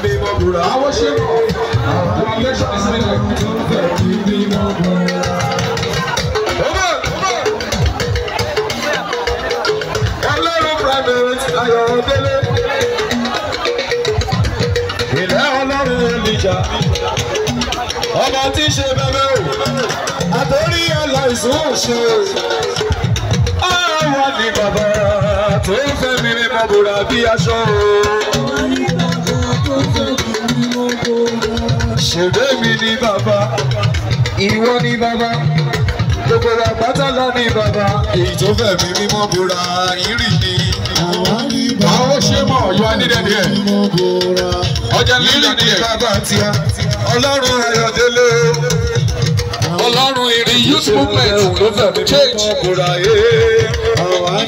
mímọ́ búra. Àwọn ṣe I worship. election is tí ń ṣe bẹ́bẹ́ o. Àtọ́rí aláìsàn ò ṣe o. Àwọn ni bàbá tó ń fẹ́ mi mímọ́ búra bí aṣọ o ṣèbé mi ni bàbá ìwọ ni bàbá gbogbo wa pátálà ni bàbá èyí tó fẹ́ mi mímọ́ bora ìrì ni àwọn ó ṣe mọ̀ ọ̀yọ́ anídẹ̀dẹ̀ ọjà lílì ni bàbá tiwa ọlọ́run ayọ̀délé ọlọ́run ìrì youth movement ló fẹ́ mi mímọ́ bora yé.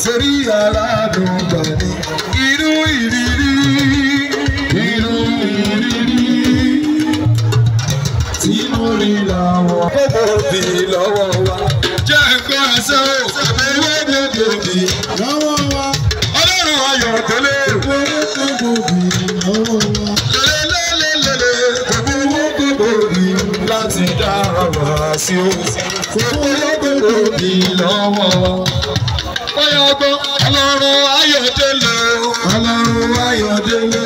sórí aládùn gbàdé inú ìrírí inú ìrírí tí mo rí làwọn kókó bí lọ́wọ́ wa jẹ́ pé àṣẹ òwe dèdèdè lọ́wọ́ wa ọlọ́run ayọ̀ tẹ́lẹ̀ òwe kókó bí lọ́wọ́ wa. Láti dára wá sí o, kókó lọ́gbẹ̀rẹ̀ òbí lọ́wọ́ wa ọgbọ́n ọlọ́run ayọ̀délé ọlọ́run ayọ̀délé.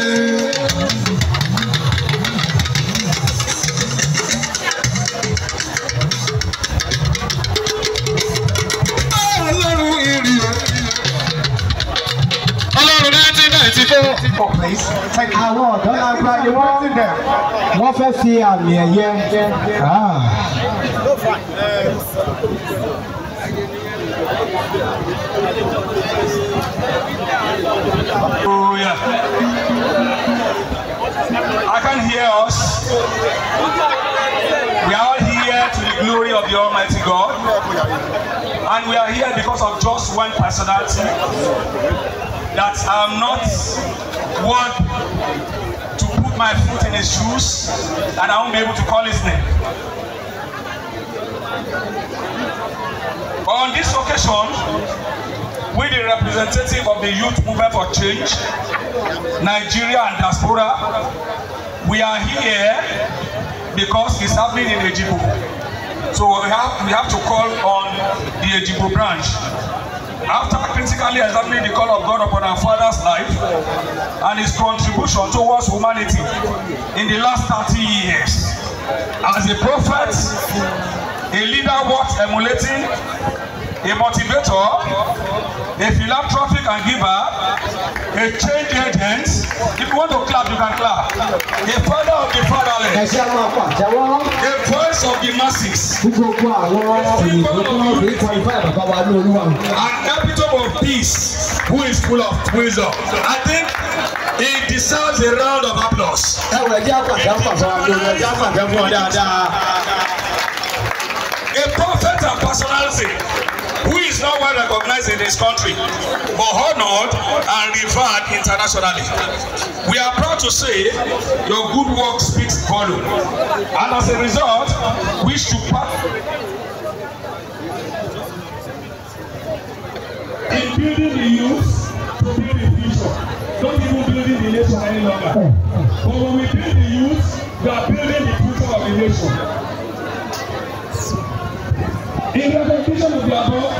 àwọn ọ̀dọ́ lágbá ni wọ́n fẹ́ fi àmì ẹ̀yẹ. Ah. Hallelujah. I can hear us. We are all here to the glory of the Almighty God. And we are here because of just one personality that I'm not worth to put my foot in his shoes and I won't be able to call his name. On this occasion, with the representative of the Youth Movement for Change, Nigeria and Diaspora, we are here because it's happening in Ejibo. So we have, we have to call on the Ejibo branch. After critically examining the call of God upon our father's life and his contribution towards humanity in the last 30 years, as a prophet, a leader worth emulating, a motivator, a philanthropic and giver, a change agent. If you want to clap, you can clap. A father of the fatherless, a voice of the masses, a an capital of peace who is full of wisdom. I think he deserves a round of applause. ẹ wẹ̀ jẹ́ àpàdé àpàdé àpàdé àpàdé fún ọ dáadáa a prophet and personality who is not well recognized in this country but honored and revered internationally. We are proud to say your good work speaks volume and as a result we should pass. In building the youth to build the future, Don't even building the nation any longer. But when we build the youth, we are building the future of the nation. In recognition of your work,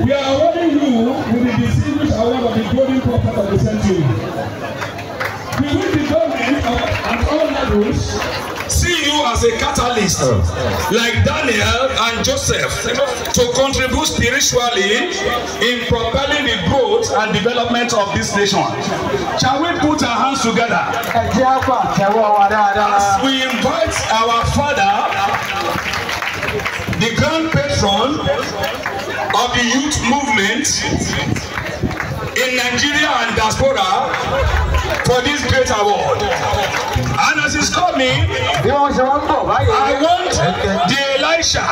we are awarding you with the distinguished award of the Golden Prophet of the Century. We wish the government at all levels see you as a catalyst oh. like Daniel and Joseph to contribute spiritually in propelling the growth and development of this nation. Shall we put our hands together as we invite our Father the grand patron of the youth movement in Nigeria and diaspora for this great award. And as he's coming, I want the Elisha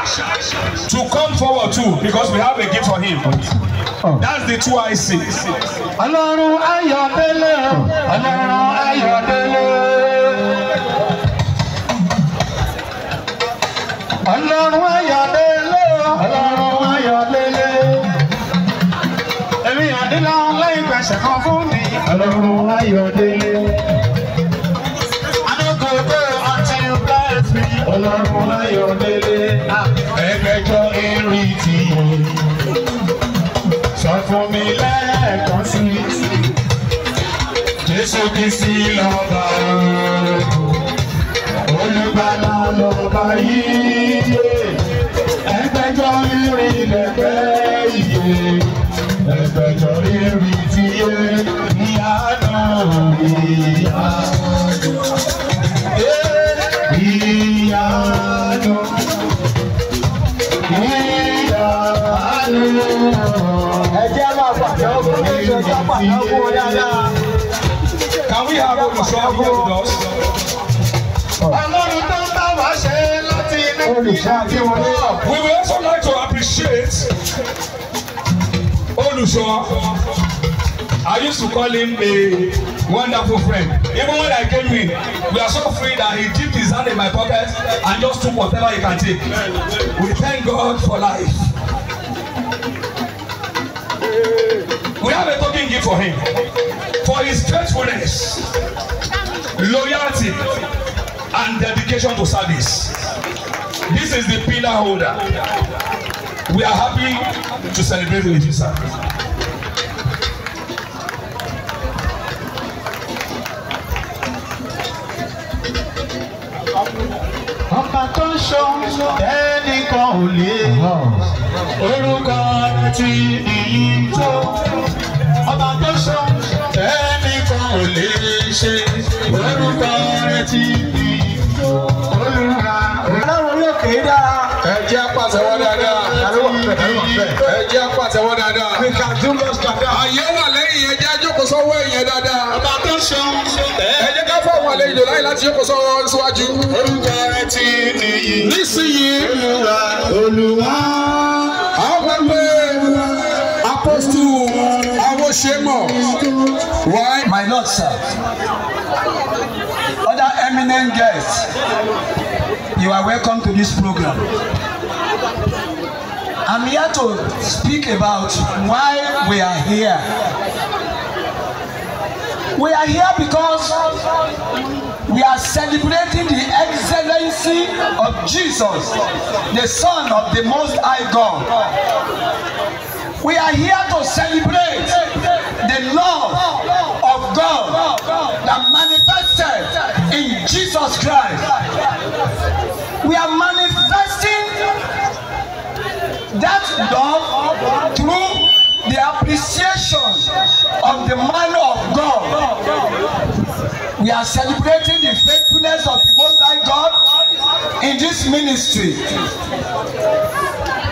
to come forward too because we have a gift for him. That's the two I see. ọlọ́run ayọ̀délé ọlọ́run ayọ̀délé èmi àdínlá lẹ́yìn pẹ̀sẹ̀ kan fún mi ọlọ́run ayọ̀délé. Ọlọ́run ayọ̀délé ẹgbẹ́jọ́ eré ti yẹ sọ fún mi lẹ́ẹ̀kan sí Jésù kìí sí lọ́ba ìbàdàn lọ́ba yìí ẹgbẹ́jọ́ rírì lẹ́gbẹ́ iye ẹgbẹ́jọ́ rírì tí yé ní àná ìyá. Ìyanu, ìyanu, ẹ jẹ́ máa pàṣẹ ọkùnrin ní ìjọba pàṣẹ Can we have olùsọ here with us? Oh we will also like to appreciate Olùṣọ́. I used to call him a wonderful friend. Even when I came in, we are so free that he dipped his hand in my pocket and just took whatever he can take. We thank God for life. We have a token gift for him for his faithfulness, loyalty, and dedication to service. This is the pillar holder. We are happy to celebrate with you, sir. Ọba tó ń ṣọ́ ẹnìkan ò lè orúkọ tí ìyí tó. pàtẹ́wọ́ dáadáa. we can do much dáadáa. àyè wà lẹ́yìn ẹja jókòó sọ́wọ́ ẹ̀yẹ dáadáa. ọba tó ṣeun. ẹ jẹ́ ká fún àwọn àlejò láyé láti jókòó sọ́wọ́ síwájú. rẹ ti nìyí. nísìnyìí. olùwà olùwà. àwọn gbàgbé apọ́sítù àwọn ṣe why. my lord sir other eminent guests you are welcome to this program. I'm here to speak about why we are here. We are here because we are celebrating the excellency of Jesus, the Son of the Most High God. We are here to celebrate the love of God that manifested in Jesus Christ. We are manifesting that done through the appreciation of the man of God. We are celebrating the faithfulness of the Most High God in this ministry.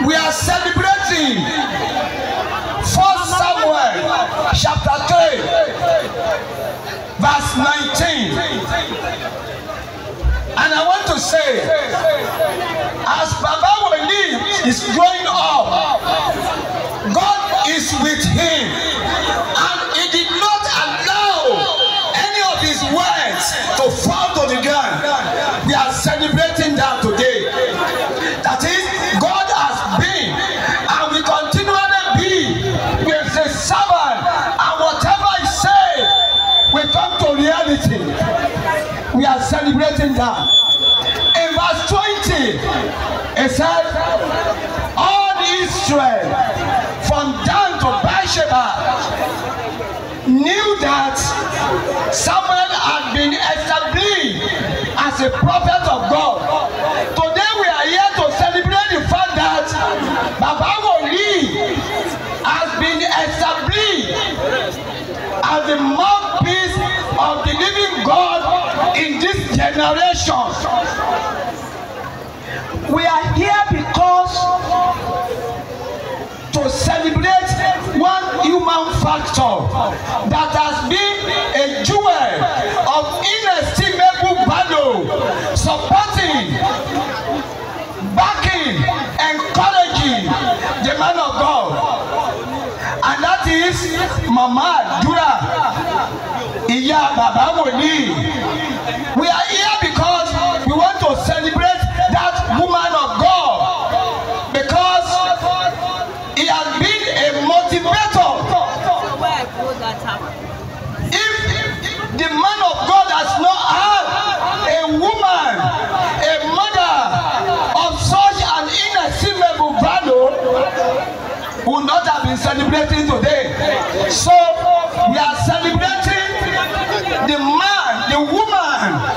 We are celebrating First Samuel chapter 3 verse 19. And I want to say, as Baba Wali is growing up, God is with him. And in In verse 20, it says, All Israel from Dan to Beersheba knew that Samuel had been established as a prophet of God. Today we are here to celebrate the fact that Baba generation. We are here because to celebrate one human factor that has been a jewel of inestimable value supporting backing encouraging the man of God and that is Mama Dura Iya bàbá wòlíì we are want to celebrate that woman of God because he has been a motivator. If, if the man of God has not had a woman, a mother of such an inestimable value, would not have been celebrating today. So we are celebrating the man, the woman.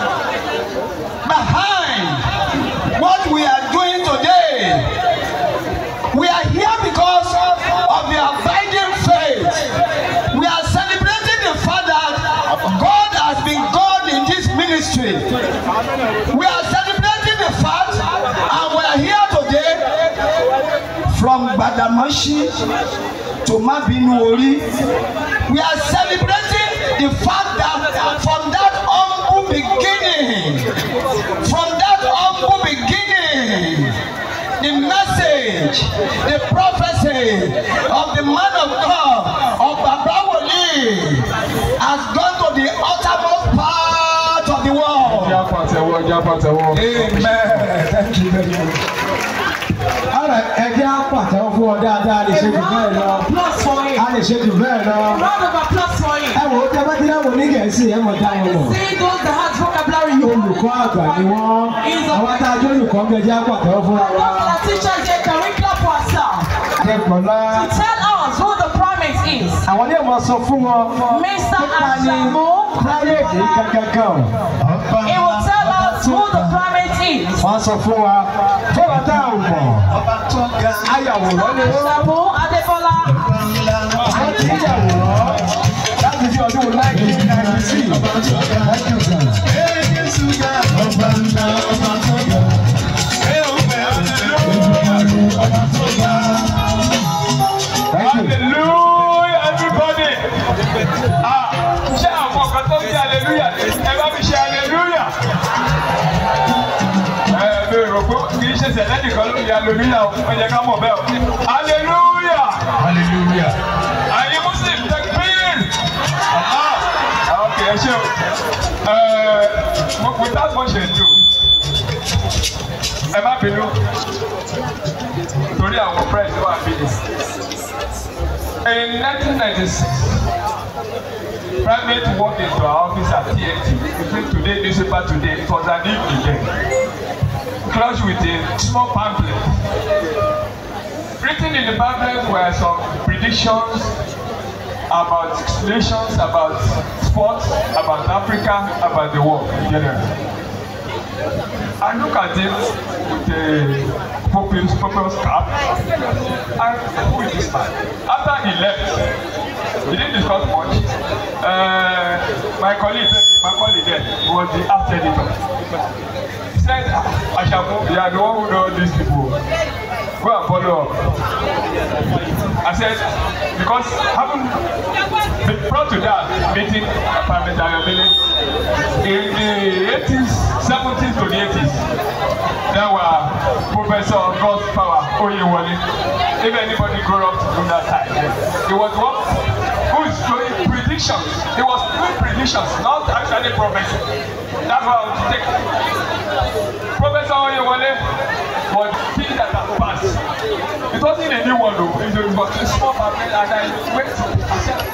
ministry. We are celebrating the fact and we are here today from Badamashi to Mabinu We are celebrating the fact that from that humble beginning, from that humble beginning, the message, the prophecy of the man of God, of Baba Woli, has gone to the uttermost part the world. Ẹja pàtẹ́wọ́, ẹja pàtẹ́wọ́. Amen. Thank you very much. Ara fún ọ dáadáa, a lè ṣe jù bẹ́ẹ̀ lọ. A lè ṣe jù bẹ́ẹ̀ lọ. Ẹ wò ó tẹ́ bá dín láwọn onígẹ̀ẹ́sì ẹ̀ mọ̀ dá wọn mọ̀. Olùkọ́ àgbà ni wọ́n. Àwọn tá a jó olùkọ́ ń gẹ̀ẹ́jà pàtẹ́wọ́ fúnra wa. Akẹ́kọ̀ọ́lá. To tell us who the promise is. Àwọn ilé ìwọ̀n sọ fún wọn. Mr. Asamu planet gangan. It will tell us who the climate is. Wọ́n sọ fún wa tó wà tá a wọ̀. Ayàwòrán ni wọ́n. Sàmú Adébọ́lá. Wọ́n ti yàwòrán láti fi ọdún nineteen ninety three. Ọba ń Hallelujah, everybody. Ah kan tó ń jẹ aleluya ẹ bá mi ṣe aleluya. ẹ mi rò kì í ṣe sẹ̀lẹ́ nìkan ló di aleluya o ẹ jẹ́ ká mọ̀ bẹ́ẹ̀ o aleluya. aleluya. ayé muslim takbir. Ah, ah, ok ẹ ṣe o mo kò tá àgbọ̀n ṣe jù ẹ má bínú torí àwọn friends wà bí. in 1996 private work is to our office at TNT. TFT between today newspaper today for the new event clutch with a small pamphlet written in the pamphlet were some predictions about nations about sports about Africa about the world in general I look at it with a purpose purpose cap I who is this man after he left he didn't discuss much Eh, my colleague my colleague there eh, was the art editor he said ah, Ashamu you are the one who know these people go and follow up I said because having been brought to that meeting parliamentarian meeting in the eighties seventies to the eighties there were Professor God's power, Oyewole if anybody grow up during that time he was one prediction he was doing predictions not actually prophecy that's why i want to take professor oyewole but things that have passed it wasn't a new one though it was a small paper and i went to accept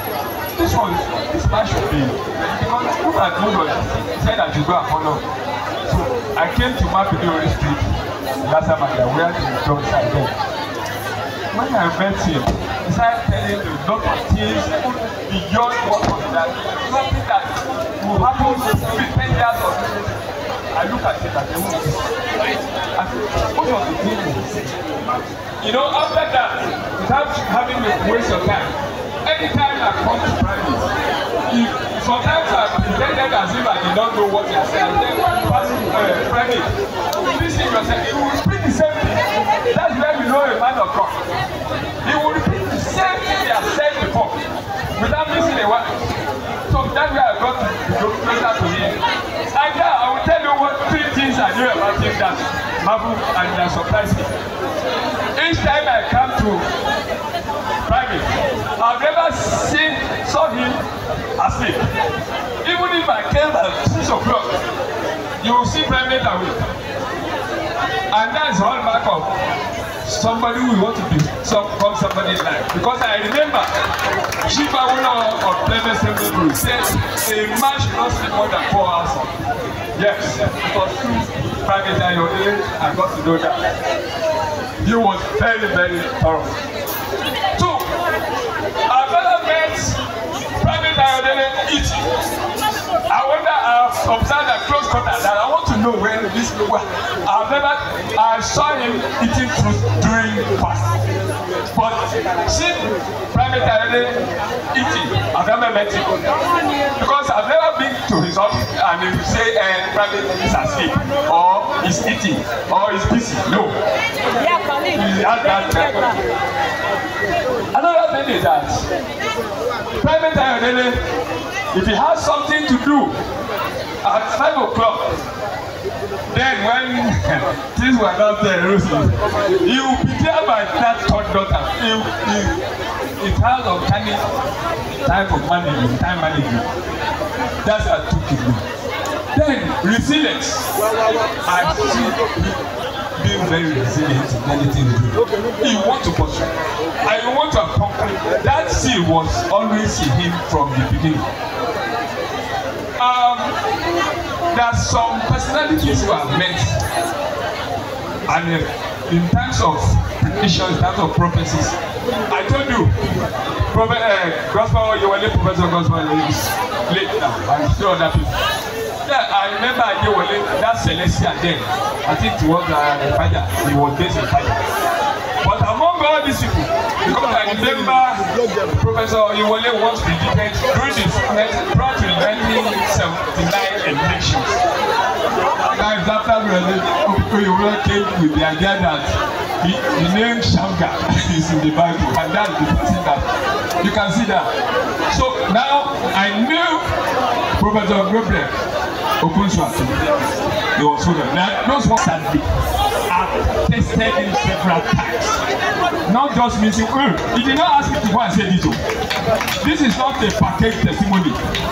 this one this man should be because who had no money said that you go and follow so i came to mapidi ori street last time i was there where the drugs are there when I met him, he started telling me a lot of things beyond what was that. Something that will happen maybe 10 years or 20 I look at it and I said, what was the thing you know, after that, without having to waste your time, anytime I come to practice, if sometimes I pretended as if I did not know what I said, and then passing uh, private, listen yourself, you That's where you know a man of God. He will repeat the same thing they have said before without missing a word. So that's where I got to look closer to him. And now I will tell you what three things I knew about him that marvel and that surprised me. Each time I come to private, I've never seen saw him asleep. Even if I came at six o'clock, you will see private awake. And that's all back of somebody we want to be, some, come somebody like Because I remember Chief Awuna of Plymouth Assembly Group said a man should not sleep more than four hours. Yes, it two too private at your age. I got to know that. You was very, very thorough. Two, our fellow mates, private Ayodele, each wonder, I have uh, observed at close quarter that I want to know when this I I've never, I saw him eating fruit during fast. But see, private already eating, I've never met him. Because I've never been to his office and he will say, eh, private is asleep, or he's eating, or he's busy. No. he had that record. Another thing is that private already If he has something to do at five o'clock, then when things were not there, he will be there by that third daughter. He, he, it has organic time of management, time management. That's a two kidney. Then resilience. I see being very resilient in anything you do. You want to pursue. I want to accomplish. That seed was always in him from the beginning. Um, there are some personalities who are meant and uh, in terms of prediction in terms of prophecies i told you prophet uh, gospel oyewale professor gospel oyewale is late now and still other people Yeah, I remember Adewale, that Celestia then. I think it was uh, father. He was based in father. But among all these people, because I remember Professor Oyewole once defeated during the prior to the 1979 elections. Times after Oyewole came with the idea that the, the name Shamgar is in the Bible, and that's the person that you can see that. So now I knew Professor Gobrek Okunso Ato, he was so young. Now, those ones that they tested him several times not just missing. say mm. he did not ask me to go and say this o oh. this is not a package testimony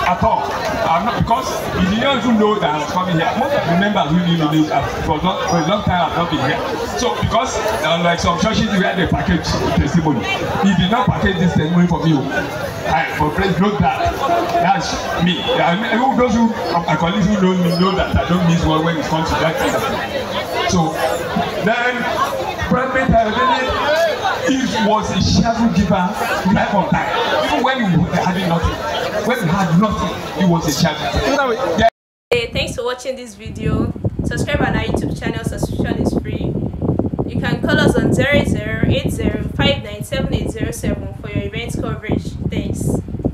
at all i'm not because he did not even know that i was coming here most of the members who knew me uh, for long for a long time i not been here so because uh, like some churches had a package testimony he did not package this testimony for me o oh. i for praise know that that's me I mean, even those who um, my colleagues who know me know that i don't miss one when it comes to that kind of thing so then pray pray tell me. Uh, He was a cheerful giver right on time. Even when we had nothing, when we had nothing, he was a cheerful Hey, thanks for watching this video. Subscribe on our YouTube channel, subscription is free. You can call us on 0080 for your event coverage. Thanks.